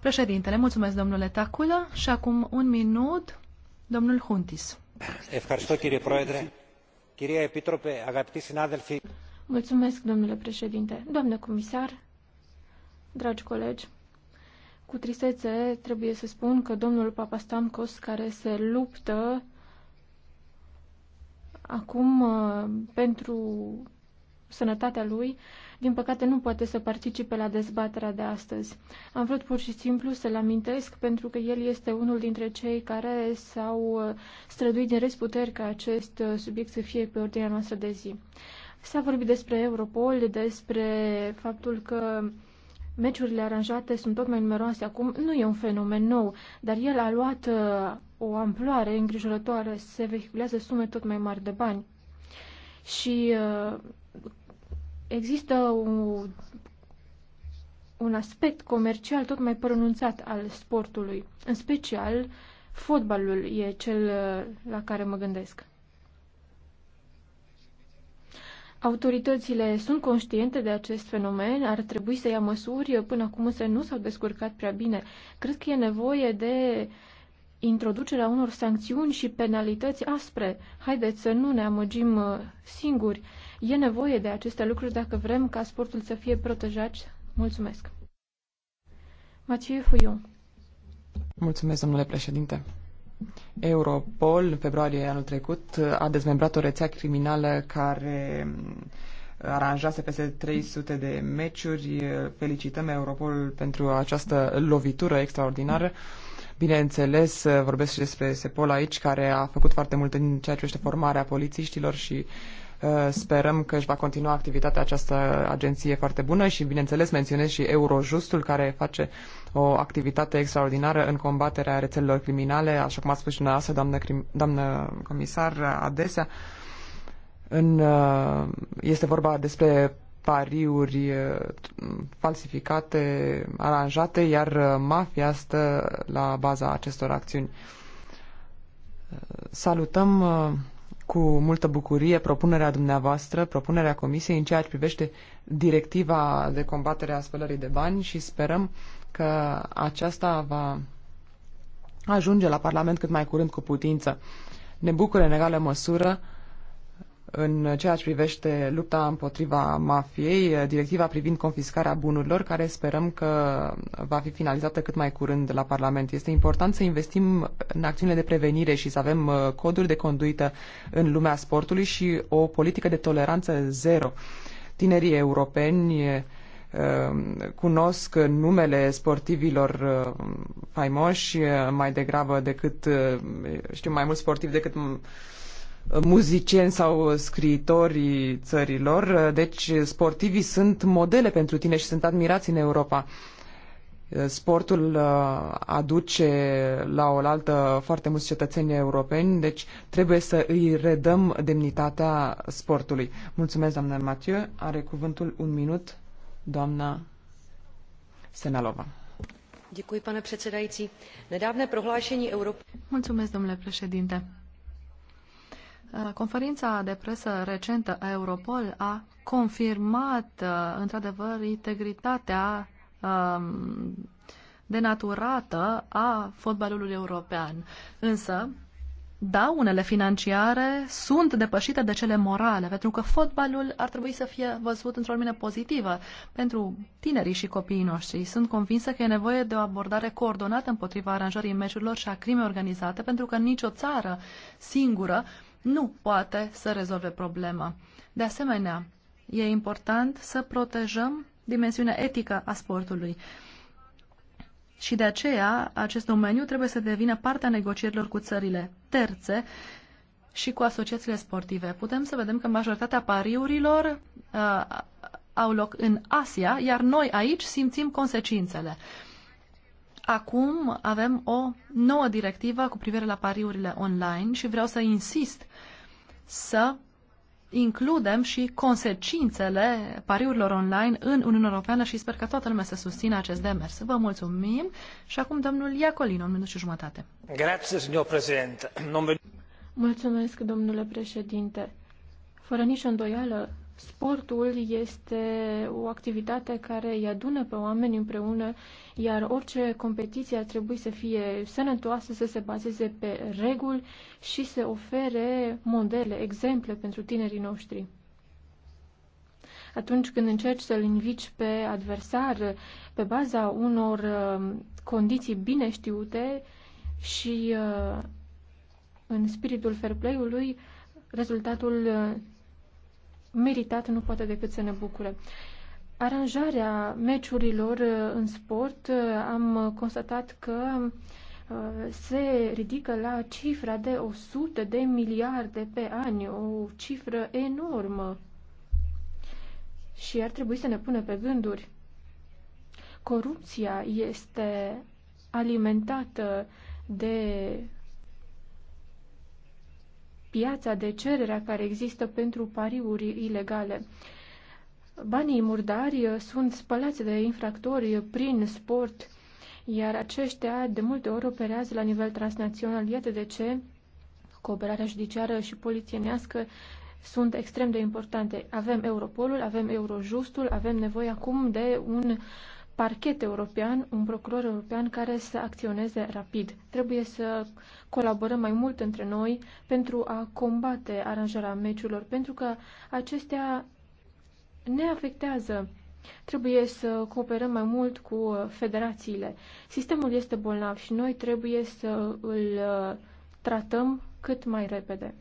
A: Președintele, mulțumesc domnule Tacula și acum un minut, domnul Huntis.
D: Mulțumesc, domnule președinte. Doamnă comisar, dragi colegi, cu tristețe trebuie să spun că domnul Papastamkos, care se luptă acum uh, pentru sănătatea lui, din păcate nu poate să participe la dezbaterea de astăzi. Am vrut pur și simplu să-l amintesc pentru că el este unul dintre cei care s-au uh, străduit din resputeri ca acest uh, subiect să fie pe ordinea noastră de zi. S-a vorbit despre Europol, despre faptul că uh, Meciurile aranjate sunt tot mai numeroase acum, nu e un fenomen nou, dar el a luat uh, o amploare îngrijorătoare, se vehiculează sume tot mai mari de bani. Și uh, există un, un aspect comercial tot mai pronunțat al sportului, în special fotbalul e cel uh, la care mă gândesc. Autoritățile sunt conștiente de acest fenomen, ar trebui să ia măsuri, până acum însă nu s-au descurcat prea bine. Cred că e nevoie de introducerea unor sancțiuni și penalități aspre. Haideți să nu ne amăgim uh, singuri. E nevoie de aceste lucruri dacă vrem ca sportul să fie protejat. Mulțumesc. Mathieu Fouillon.
B: Mulțumesc, domnule președinte. Europol, în februarie anul trecut, a dezmembrat o rețea criminală care uh, aranjase peste 300 de meciuri. Felicităm Europol pentru această lovitură extraordinară. Bineînțeles, uh, vorbesc și despre Sepol aici, care a făcut foarte mult în ceea ce este formarea polițiștilor și uh, Uh, sperăm că își va continua activitatea această agenție foarte bună și, bineînțeles, menționez și Eurojustul, care face o activitate extraordinară în combaterea rețelelor criminale, așa cum a spus și dumneavoastră, doamnă, doamnă comisar, adesea. În, uh, este vorba despre pariuri uh, falsificate, aranjate, iar mafia stă la baza acestor acțiuni. Salutăm cu multă bucurie propunerea dumneavoastră, propunerea Comisiei în ceea ce privește directiva de combatere a spălării de bani și sperăm că aceasta va ajunge la Parlament cât mai curând cu putință. Ne bucură în egală măsură în ceea ce privește lupta împotriva mafiei, directiva privind confiscarea bunurilor, care sperăm că va fi finalizată cât mai curând la Parlament. Este important să investim în acțiunile de prevenire și să avem uh, coduri de conduită în lumea sportului și o politică de toleranță zero. Tinerii europeni uh, cunosc numele sportivilor uh, faimoși mai degrabă decât, știu, mai mulți sportivi decât muzicieni sau scriitorii țărilor. Deci sportivii sunt modele pentru tine și sunt admirați în Europa. Sportul uh, aduce la oaltă foarte mulți cetățeni europeni, deci trebuie să îi redăm demnitatea sportului. Mulțumesc, doamna Mathieu. Are cuvântul un minut doamna
A: Senalova. Děkuji, pane předsedající. Nedávné prohlášení Europy... Mulțumesc, domnule președinte. Uh, conferința de presă recentă a Europol a confirmat, uh, într-adevăr, integritatea um, denaturată a fotbalului european. Însă, daunele financiare sunt depășite de cele morale, pentru că fotbalul ar trebui să fie văzut într-o lumină pozitivă pentru tinerii și copiii noștri. Sunt convinsă că e nevoie de o abordare coordonată împotriva aranjării meciurilor și a crimei organizate, pentru că nicio țară singură nu poate să rezolve problema. De asemenea, e important să protejăm dimensiunea etică a sportului. Și de aceea, acest domeniu trebuie să devină partea negocierilor cu țările terțe și cu asociațiile sportive. Putem să vedem că majoritatea pariurilor uh, au loc în Asia, iar noi aici simțim consecințele. Acum avem o nouă directivă cu privire la pariurile online și vreau să insist să includem și consecințele pariurilor online în Uniunea Europeană și sper că toată lumea să susțină acest demers. Vă mulțumim și acum domnul Iacolino, un minut și jumătate.
C: Grazie, signor președinte.
A: Mulțumesc, domnule președinte. Fără nicio
D: îndoială, sportul este o activitate care îi adună pe oameni împreună iar orice competiție ar trebui să fie sănătoasă, să se bazeze pe reguli și să ofere modele, exemple pentru tinerii noștri. Atunci când încerci să-l invici pe adversar pe baza unor uh, condiții bine știute și uh, în spiritul fair play-ului, rezultatul uh, meritat nu poate decât să ne bucure aranjarea meciurilor uh, în sport uh, am constatat că uh, se ridică la cifra de 100 de miliarde pe an, o cifră enormă. Și ar trebui să ne pună pe gânduri. Corupția este alimentată de piața de cererea care există pentru pariuri ilegale. Banii murdari uh, sunt spălați de infractori prin sport, iar aceștia de multe ori operează la nivel transnațional. Iată de ce cooperarea judiciară și polițienească sunt extrem de importante. Avem Europolul, avem Eurojustul, avem nevoie acum de un parchet european, un procuror european care să acționeze rapid. Trebuie să colaborăm mai mult între noi pentru a combate aranjarea meciurilor, pentru că acestea ne afectează. Trebuie să cooperăm mai mult cu uh, federațiile. Sistemul este bolnav și noi trebuie să îl uh, tratăm cât mai repede.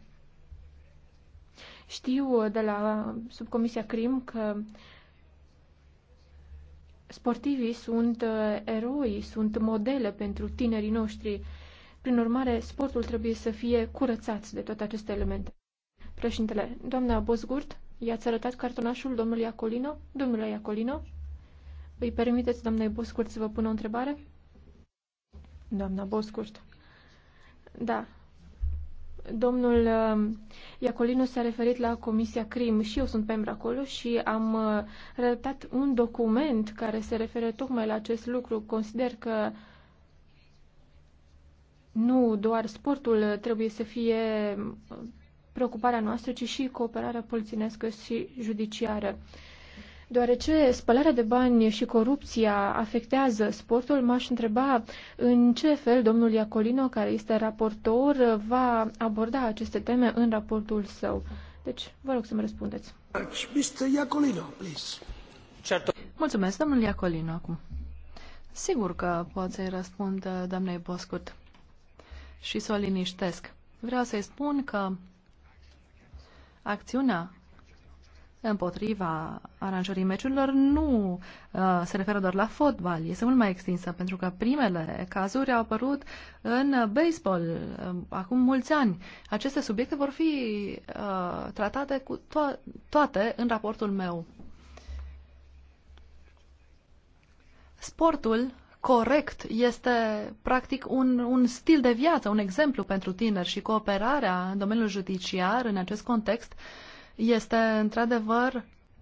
D: Știu uh, de la subcomisia CRIM că sportivii sunt eroi, sunt modele pentru tinerii noștri. Prin urmare, sportul trebuie să fie curățat de toate aceste elemente. Președintele, doamna Bosgurt, I-ați arătat cartonașul domnului Acolino? Domnule Acolino? îi permiteți doamnei Boscurt să vă pună o întrebare? Doamna Boscurt. Da. Domnul uh, Iacolino s-a referit la Comisia CRIM și eu sunt membru acolo și am uh, redactat un document care se referă tocmai la acest lucru. Consider că nu doar sportul trebuie să fie uh, preocuparea noastră, ci și cooperarea polițienescă și judiciară. Deoarece spălarea de bani și corupția afectează sportul, m-aș întreba în ce fel domnul Iacolino, care este raportor, va aborda aceste teme în raportul său. Deci, vă rog să-mi
A: răspundeți. Mr. Iacolino, please. Mulțumesc, domnul Iacolino, acum. Sigur că pot să-i răspund doamnei Boscut și să o liniștesc. Vreau să-i spun că acțiunea împotriva aranjării meciurilor nu uh, se referă doar la fotbal, este mult mai extinsă, pentru că primele cazuri au apărut în baseball uh, acum mulți ani. Aceste subiecte vor fi uh, tratate cu to- toate în raportul meu. Sportul corect este practic un, un stil de viață, un exemplu pentru tineri și cooperarea în domeniul judiciar în acest context este într-adevăr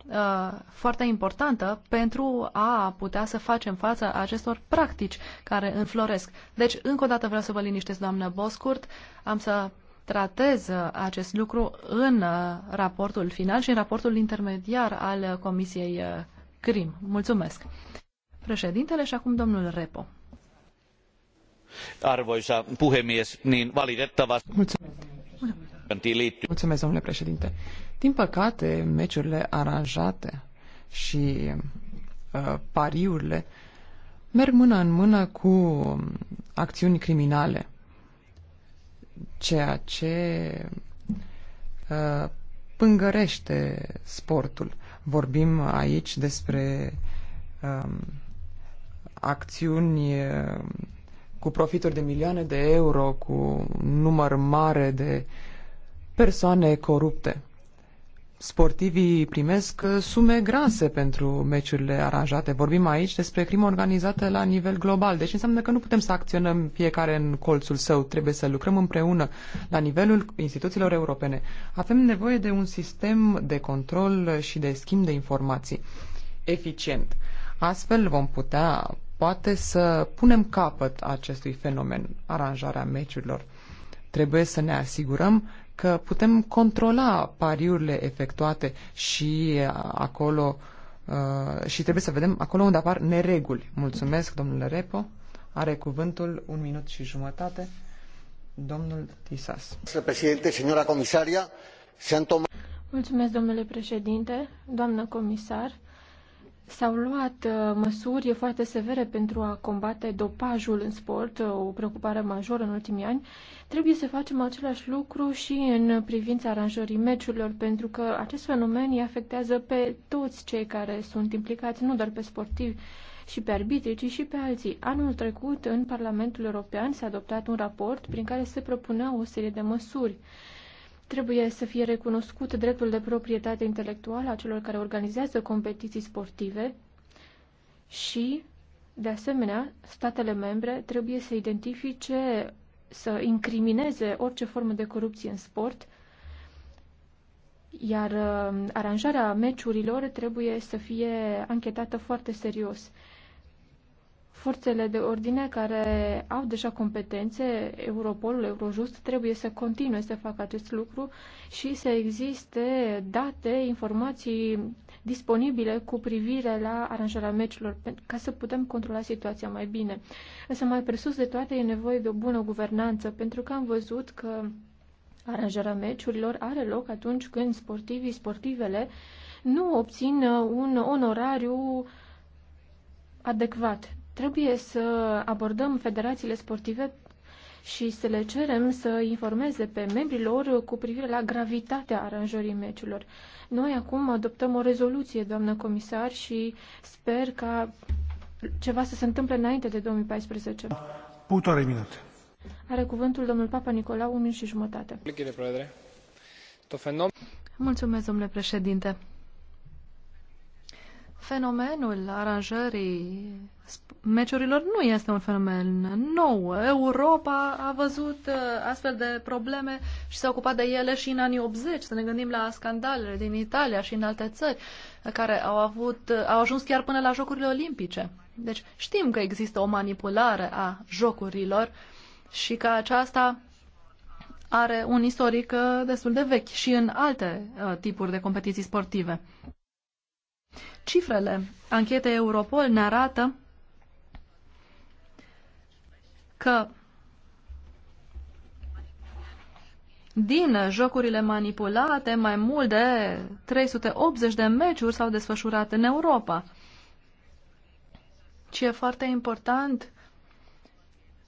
A: uh, foarte importantă pentru a putea să facem față acestor practici care înfloresc. Deci, încă o dată vreau să vă liniștesc, doamnă Boscurt, am să tratez acest lucru în uh, raportul final și în raportul intermediar al Comisiei uh, CRIM. Mulțumesc! Președintele și acum domnul Repo.
E: Arvoisa puhemies, niin valitettavasti... Mulțumesc. Mulțumesc.
B: Mulțumesc, domnule președinte.
A: Din păcate,
B: meciurile aranjate și uh, pariurile merg mână în mână cu acțiuni criminale, ceea ce uh, pângărește sportul. Vorbim aici despre um, acțiuni eh, cu profituri de milioane de euro, cu număr mare de persoane corupte. Sportivii primesc eh, sume grase pentru meciurile aranjate. Vorbim aici despre crimă organizată la nivel global. Deci înseamnă că nu putem să acționăm fiecare în colțul său. Trebuie să lucrăm împreună la nivelul instituțiilor europene. Avem nevoie de un sistem de control și de schimb de informații eficient. Astfel vom putea poate să punem capăt acestui fenomen, aranjarea meciurilor. Trebuie să ne asigurăm că putem controla pariurile efectuate și uh, acolo uh, și trebuie să vedem acolo unde apar nereguli. Mulțumesc, domnule Repo. Are cuvântul un minut și jumătate. Domnul Tisas.
E: Președinte, señora comisaria, se
B: Mulțumesc, domnule
D: președinte, doamnă comisar. S-au luat uh, măsuri foarte severe pentru a combate dopajul în sport, uh, o preocupare majoră în ultimii ani. Trebuie să facem același lucru și în privința aranjării meciurilor, pentru că acest fenomen îi afectează pe toți cei care sunt implicați, nu doar pe sportivi și pe arbitri, ci și pe alții. Anul trecut, în Parlamentul European, s-a adoptat un raport prin care se propunea o serie de măsuri Trebuie să fie recunoscut dreptul de proprietate intelectuală a celor care organizează competiții sportive și, de asemenea, statele membre trebuie să identifice, să incrimineze orice formă de corupție în sport, iar uh, aranjarea meciurilor trebuie să fie anchetată foarte serios. Forțele de ordine care au deja competențe, Europolul, Eurojust, trebuie să continue să facă acest lucru și să existe date, informații disponibile cu privire la aranjarea meciurilor, ca să putem controla situația mai bine. Însă mai presus de toate e nevoie de o bună guvernanță, pentru că am văzut că aranjarea meciurilor are loc atunci când sportivii, sportivele nu obțin uh, un onorariu adecvat. Trebuie să abordăm federațiile sportive și să le cerem să informeze pe membrii lor cu privire la gravitatea aranjării meciurilor. Noi acum adoptăm o rezoluție, doamnă comisar, și sper ca ceva să se întâmple înainte de 2014.
C: Putoare minute.
D: Are cuvântul domnul Papa
A: Nicolau, un minut și jumătate. Mulțumesc, domnule președinte. Fenomenul aranjării meciurilor nu este un fenomen nou. Europa a văzut uh, astfel de probleme și s-a ocupat de ele și în anii 80. Să ne gândim la scandalele din Italia și în alte țări uh, care au, avut, uh, au ajuns chiar până la Jocurile Olimpice. Deci știm că există o manipulare a jocurilor și că aceasta are un istoric destul de vechi și în alte tipuri de competiții sportive. Cifrele anchetei Europol ne arată că din jocurile manipulate, mai mult de 380 de meciuri s-au desfășurat în Europa. Și e foarte important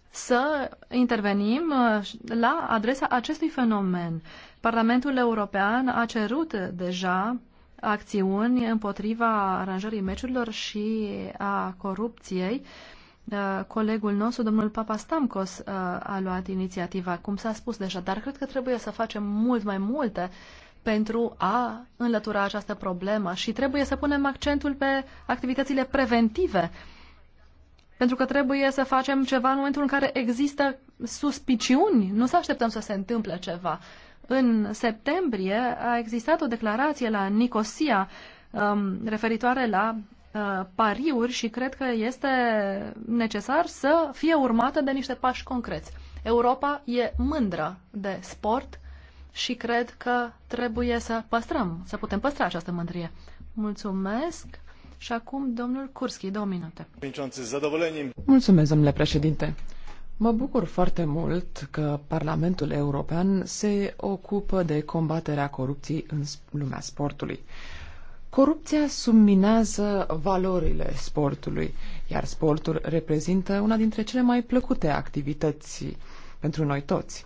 A: să intervenim uh, la adresa acestui fenomen. Parlamentul European a cerut deja acțiuni împotriva aranjării meciurilor și a corupției uh, da, colegul nostru, domnul Papa Stamkos, uh, a luat inițiativa, cum s-a spus deja, dar cred că trebuie să facem mult mai multe pentru a înlătura această problemă și trebuie să punem accentul pe activitățile preventive, pentru că trebuie să facem ceva în momentul în care există suspiciuni, nu să așteptăm să se întâmple ceva. În septembrie a existat o declarație la Nicosia um, referitoare la Uh, pariuri și cred că este necesar să fie urmată de niște pași concreți. Europa e mândră de sport și cred că trebuie să păstrăm, să putem păstra această mândrie. Mulțumesc! Și acum domnul Kurski, două minute.
B: Mulțumesc, domnule președinte. Mă bucur foarte mult că Parlamentul European se ocupă de combaterea corupției în lumea sportului. Corupția subminează valorile sportului, iar sportul reprezintă una dintre cele mai plăcute activități pentru noi toți.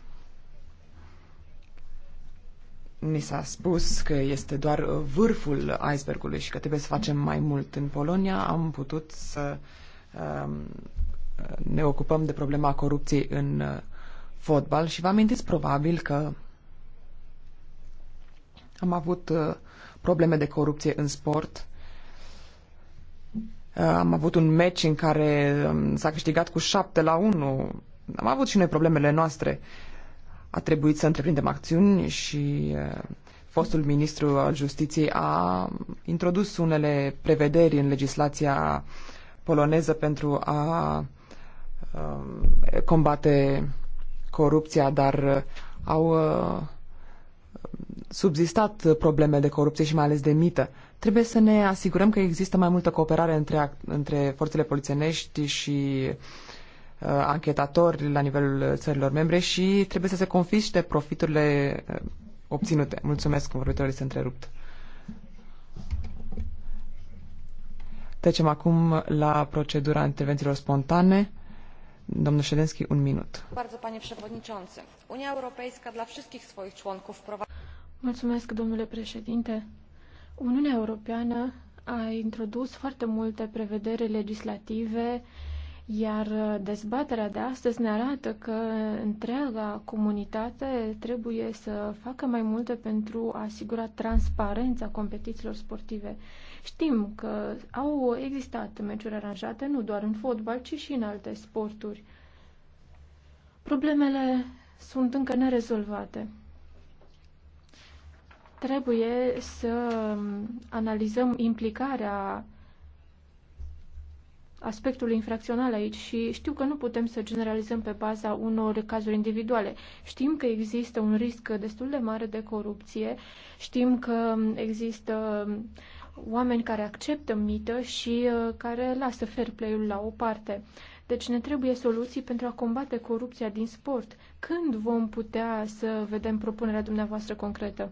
B: Ni s-a spus că este doar vârful icebergului și că trebuie să facem mai mult. În Polonia am putut să um, ne ocupăm de problema corupției în uh, fotbal și vă amintiți probabil că am avut uh, probleme de corupție în sport. Uh, am avut un meci în care um, s-a câștigat cu 7 la 1. Am avut și noi problemele noastre. A trebuit să întreprindem acțiuni și uh, fostul ministru al justiției a introdus unele prevederi în legislația poloneză pentru a um, combate corupția, dar au uh, subzistat probleme de corupție și mai ales de mită. Trebuie să ne asigurăm că există mai multă cooperare între, între forțele polițienești și uh, anchetatori la nivelul țărilor membre și trebuie să se confiște profiturile uh, obținute. Mulțumesc, vorbitorul este întrerupt. Trecem acum la procedura intervențiilor spontane. Domnul Ședenski, un minut.
D: Bardzo, panie przewodniczący.
A: Unia Europejska dla wszystkich swoich członków prowadzi...
D: Mulțumesc, domnule președinte. Uniunea Europeană a introdus foarte multe prevederi legislative, iar dezbaterea de astăzi ne arată că întreaga comunitate trebuie să facă mai multe pentru a asigura transparența competițiilor sportive. Știm că au existat meciuri aranjate nu doar în fotbal, ci și în alte sporturi. Problemele sunt încă nerezolvate. Trebuie să analizăm implicarea aspectul infracțional aici și știu că nu putem să generalizăm pe baza unor cazuri individuale. Știm că există un risc destul de mare de corupție, știm că există oameni care acceptă mită și uh, care lasă fair play-ul la o parte. Deci ne trebuie soluții pentru a combate corupția din sport. Când vom putea să vedem propunerea dumneavoastră concretă?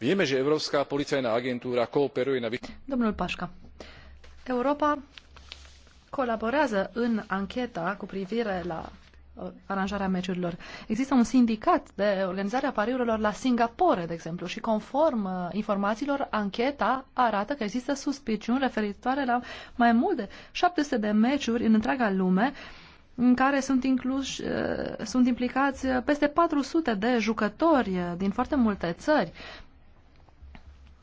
C: vieme že európska policajná agentúra kooperuje na
A: europa colaborează în ancheta cu privire la uh, aranjarea meciurilor. Există un sindicat de organizare a pariurilor la Singapore, de exemplu, și conform uh, informațiilor, ancheta arată că există suspiciuni referitoare la mai mult de 700 de meciuri în întreaga lume uh, în care sunt, incluși, uh, sunt implicați peste 400 de jucători din foarte multe țări.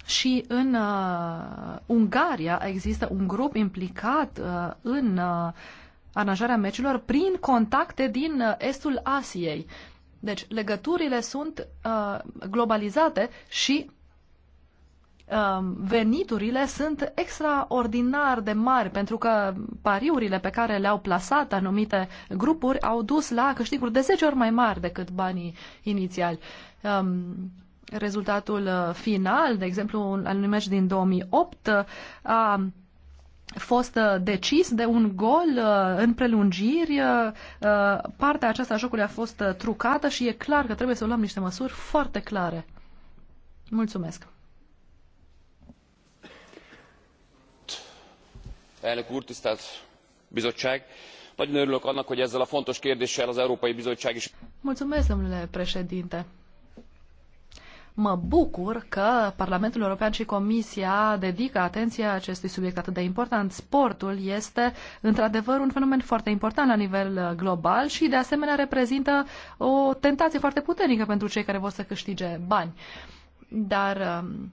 A: Și în uh, Ungaria există un grup implicat uh, în uh, aranjarea meciurilor prin contacte din uh, estul Asiei. Deci legăturile sunt uh, globalizate și Um, veniturile sunt extraordinar de mari pentru că pariurile pe care le-au plasat anumite grupuri au dus la câștiguri de 10 ori mai mari decât banii inițiali. Um, rezultatul uh, final, de exemplu, al unui meci din 2008 uh, a fost uh, decis de un gol în prelungiri. Partea aceasta a jocului a fost trucată și e clar că trebuie să luăm niște măsuri foarte clare. Mulțumesc!
E: elnök úr tisztelt bizottság! nagyon örülök annak hogy ezzel a fontos kérdéssel az európai bizottság is.
A: Mulțumesc, domnule președinte. Mă bucur că Parlamentul European și Comisia dedică atenție acestui subiect atât de important. Sportul este într-adevăr un fenomen foarte important la nivel uh, global și de asemenea reprezintă o tentație foarte puternică pentru cei care vor să câștige bani. Dar um,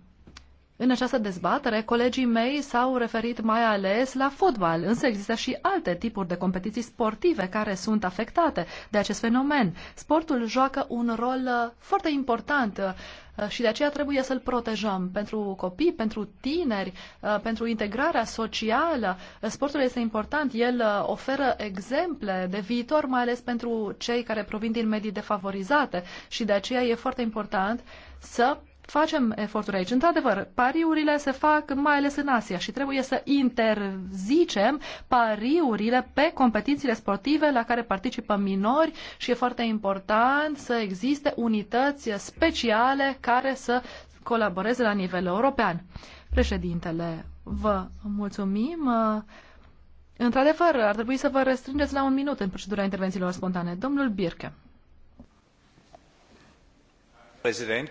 A: în această dezbatere, colegii mei s-au referit mai ales la fotbal, însă există și alte tipuri de competiții sportive care sunt afectate de acest fenomen. Sportul joacă un rol uh, foarte important uh, și de aceea trebuie să-l protejăm pentru copii, pentru tineri, uh, pentru integrarea socială. Sportul este important, el oferă exemple de viitor, mai ales pentru cei care provin din medii defavorizate și de aceea e foarte important să Facem eforturi aici. Într-adevăr, pariurile se fac mai ales în Asia și trebuie să interzicem pariurile pe competițiile sportive la care participă minori și e foarte important să existe unități speciale care să colaboreze la nivel european. Președintele, vă mulțumim. Într-adevăr, ar trebui să vă restrângeți la un minut în procedura intervențiilor spontane. Domnul Birke. Prezident,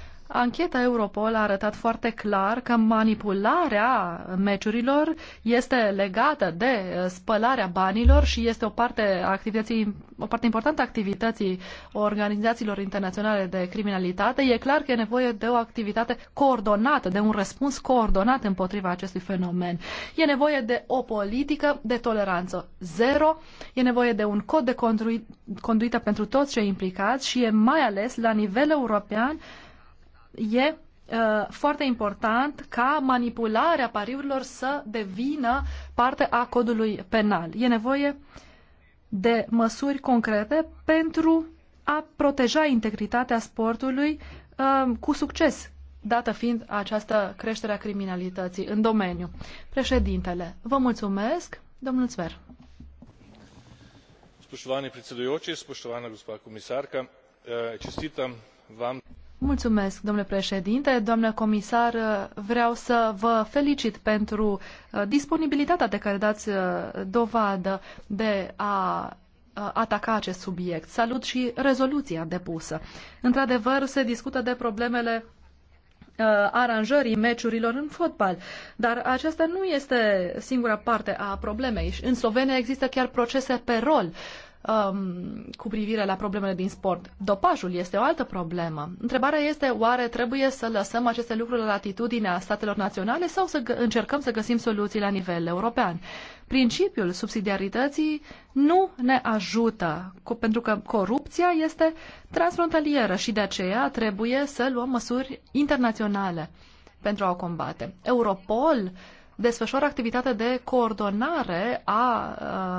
A: Ancheta Europol a arătat foarte clar că manipularea meciurilor este legată de spălarea banilor și este o parte, activității, o parte importantă a activității organizațiilor internaționale de criminalitate. E clar că e nevoie de o activitate coordonată, de un răspuns coordonat împotriva acestui fenomen. E nevoie de o politică de toleranță zero, e nevoie de un cod de conduită pentru toți cei implicați și e mai ales la nivel european e uh, foarte important ca manipularea pariurilor să devină parte a codului penal. E nevoie de măsuri concrete pentru a proteja integritatea sportului uh, cu succes, dată fiind această creștere a criminalității în domeniu. Președintele, vă mulțumesc, domnul Zver.
C: Spoštovani predsedujoči, spoštovana comisarca uh, eh, čestitam vam.
A: Mulțumesc, domnule președinte, doamnă comisar. Vreau să vă felicit pentru uh, disponibilitatea de care dați uh, dovadă de a uh, ataca acest subiect. Salut și rezoluția depusă. Într-adevăr, se discută de problemele aranjării meciurilor în fotbal. Dar aceasta nu este singura parte a problemei. În Slovenia există chiar procese pe rol um, cu privire la problemele din sport. Dopajul este o altă problemă. Întrebarea este oare trebuie să lăsăm aceste lucruri la latitudinea statelor naționale sau să încercăm să găsim soluții la nivel european? Principiul subsidiarității nu ne ajută, pentru că corupția este transfrontalieră și de aceea trebuie să luăm măsuri internaționale pentru a o combate. Europol uh, desfășoară activitate de coordonare a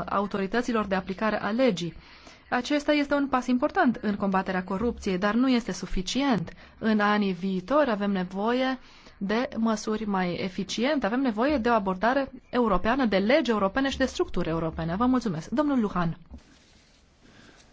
A: autorităților de aplicare a legii. Acesta este un pas important în combaterea corupției, dar nu este suficient. În anii viitori avem nevoie de măsuri mai eficiente, avem nevoie de o abordare europeană, de legi europene și de structuri europene. Vă mulțumesc. Domnul Luhan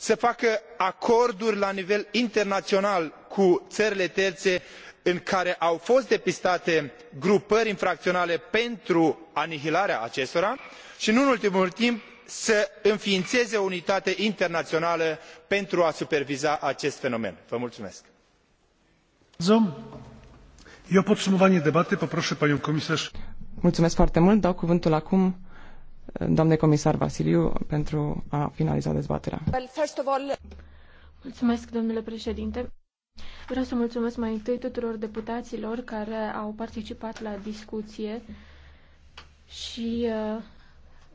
C: să facă acorduri la nivel internaional cu ările tere în care au fost depistate grupări infracionale pentru anihilarea acestora i nu în ultimul rând să înfiineze o unitate internaională pentru a superviza acest fenomen. Vă mulțumesc.
B: Mulțumesc foarte mult. Dau cuvântul acum doamnei comisar Vasiliu pentru a finaliza dezbaterea.
D: Mulțumesc, domnule președinte. Vreau să mulțumesc mai întâi tuturor deputaților care au participat la discuție și uh,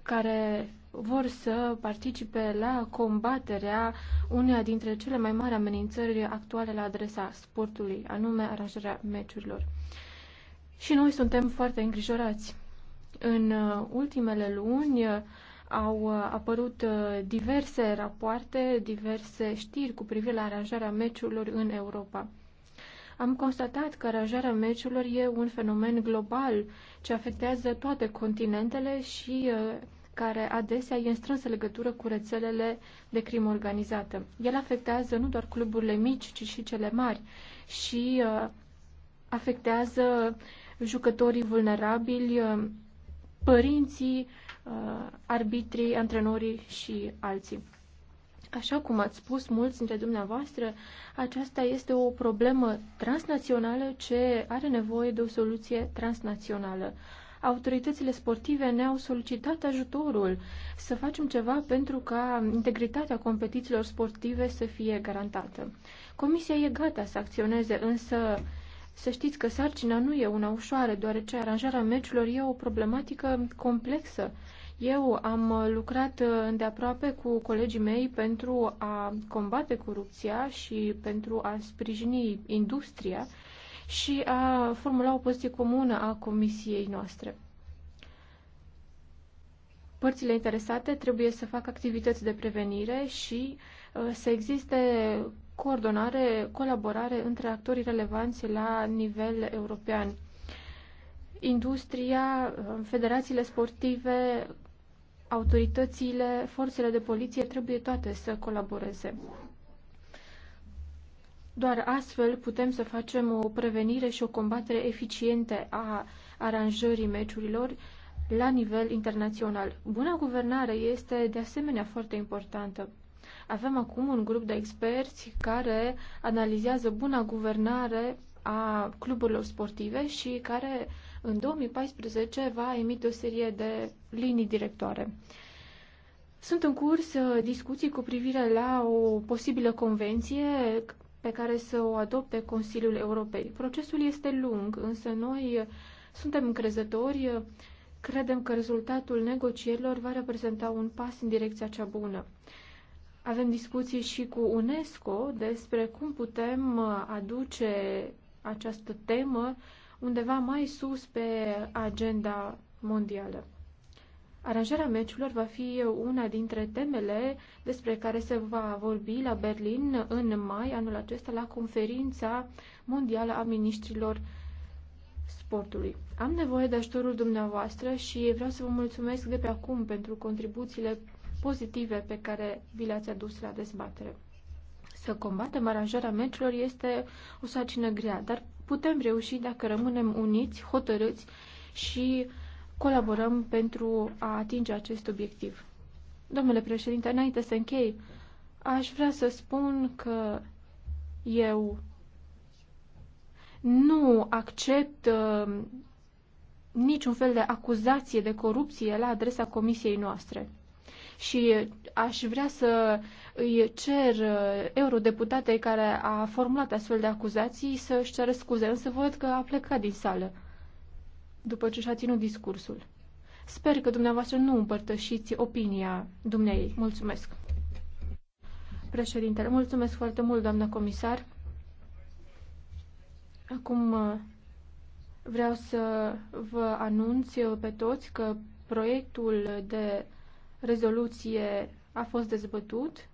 D: care vor să participe la combaterea uneia dintre cele mai mari amenințări actuale la adresa sportului, anume aranjarea meciurilor. Și noi suntem foarte îngrijorați. În uh, ultimele luni uh, au uh, apărut diverse rapoarte, diverse știri cu privire la aranjarea meciurilor în Europa. Am constatat că aranjarea meciurilor e un fenomen global ce afectează toate continentele și care adesea e în strânsă legătură cu rețelele de crimă organizată. El afectează nu doar cluburile mici, ci și cele mari și afectează jucătorii vulnerabili, părinții, uh, arbitrii, antrenorii și alții. Așa cum ați spus mulți dintre dumneavoastră, aceasta este o problemă transnațională ce are nevoie de o soluție transnațională. Autoritățile sportive ne-au solicitat ajutorul să facem ceva pentru ca integritatea competițiilor sportive să fie garantată. Comisia e gata să acționeze, însă să știți că sarcina nu e una ușoară, deoarece aranjarea meciurilor e o problematică complexă. Eu am lucrat îndeaproape cu colegii mei pentru a combate corupția și pentru a sprijini industria și a formula o poziție comună a comisiei noastre. Părțile interesate trebuie să facă activități de prevenire și uh, să existe coordonare, colaborare între actorii relevanți la nivel european. Industria, federațiile sportive, autoritățile, forțele de poliție trebuie toate să colaboreze. Doar astfel putem să facem o prevenire și o combatere eficiente a aranjării meciurilor la nivel internațional. Buna guvernare este de asemenea foarte importantă. Avem acum un grup de experți care analizează buna guvernare a cluburilor sportive și care în 2014 va emite o serie de linii directoare. Sunt în curs uh, discuții cu privire la o posibilă convenție pe care să o adopte Consiliul Europei. Procesul este lung, însă noi uh, suntem încrezători, uh, credem că rezultatul negocierilor va reprezenta un pas în direcția cea bună. Avem discuții și cu UNESCO despre cum putem uh, aduce această temă undeva mai sus pe agenda mondială. Aranjarea meciurilor va fi una dintre temele despre care se va vorbi la Berlin în mai anul acesta la conferința mondială a ministrilor sportului. Am nevoie de ajutorul dumneavoastră și vreau să vă mulțumesc de pe acum pentru contribuțiile pozitive pe care vi le-ați adus la dezbatere. Să combatem aranjarea meciurilor este o sarcină grea, dar putem reuși dacă rămânem uniți, hotărâți și colaborăm pentru a atinge acest obiectiv. Domnule președinte, înainte să închei, aș vrea să spun că eu nu accept uh, niciun fel de acuzație de corupție la adresa comisiei noastre și aș vrea să îi cer uh, eurodeputatei care a formulat astfel de acuzații să-și ceară scuze, însă văd că a plecat din sală după ce și-a ținut discursul. Sper că dumneavoastră nu împărtășiți opinia dumneai. Mulțumesc. Președintele, mulțumesc foarte mult, doamnă comisar. Acum uh, vreau să vă anunț pe toți că
A: proiectul de rezoluție a fost dezbătut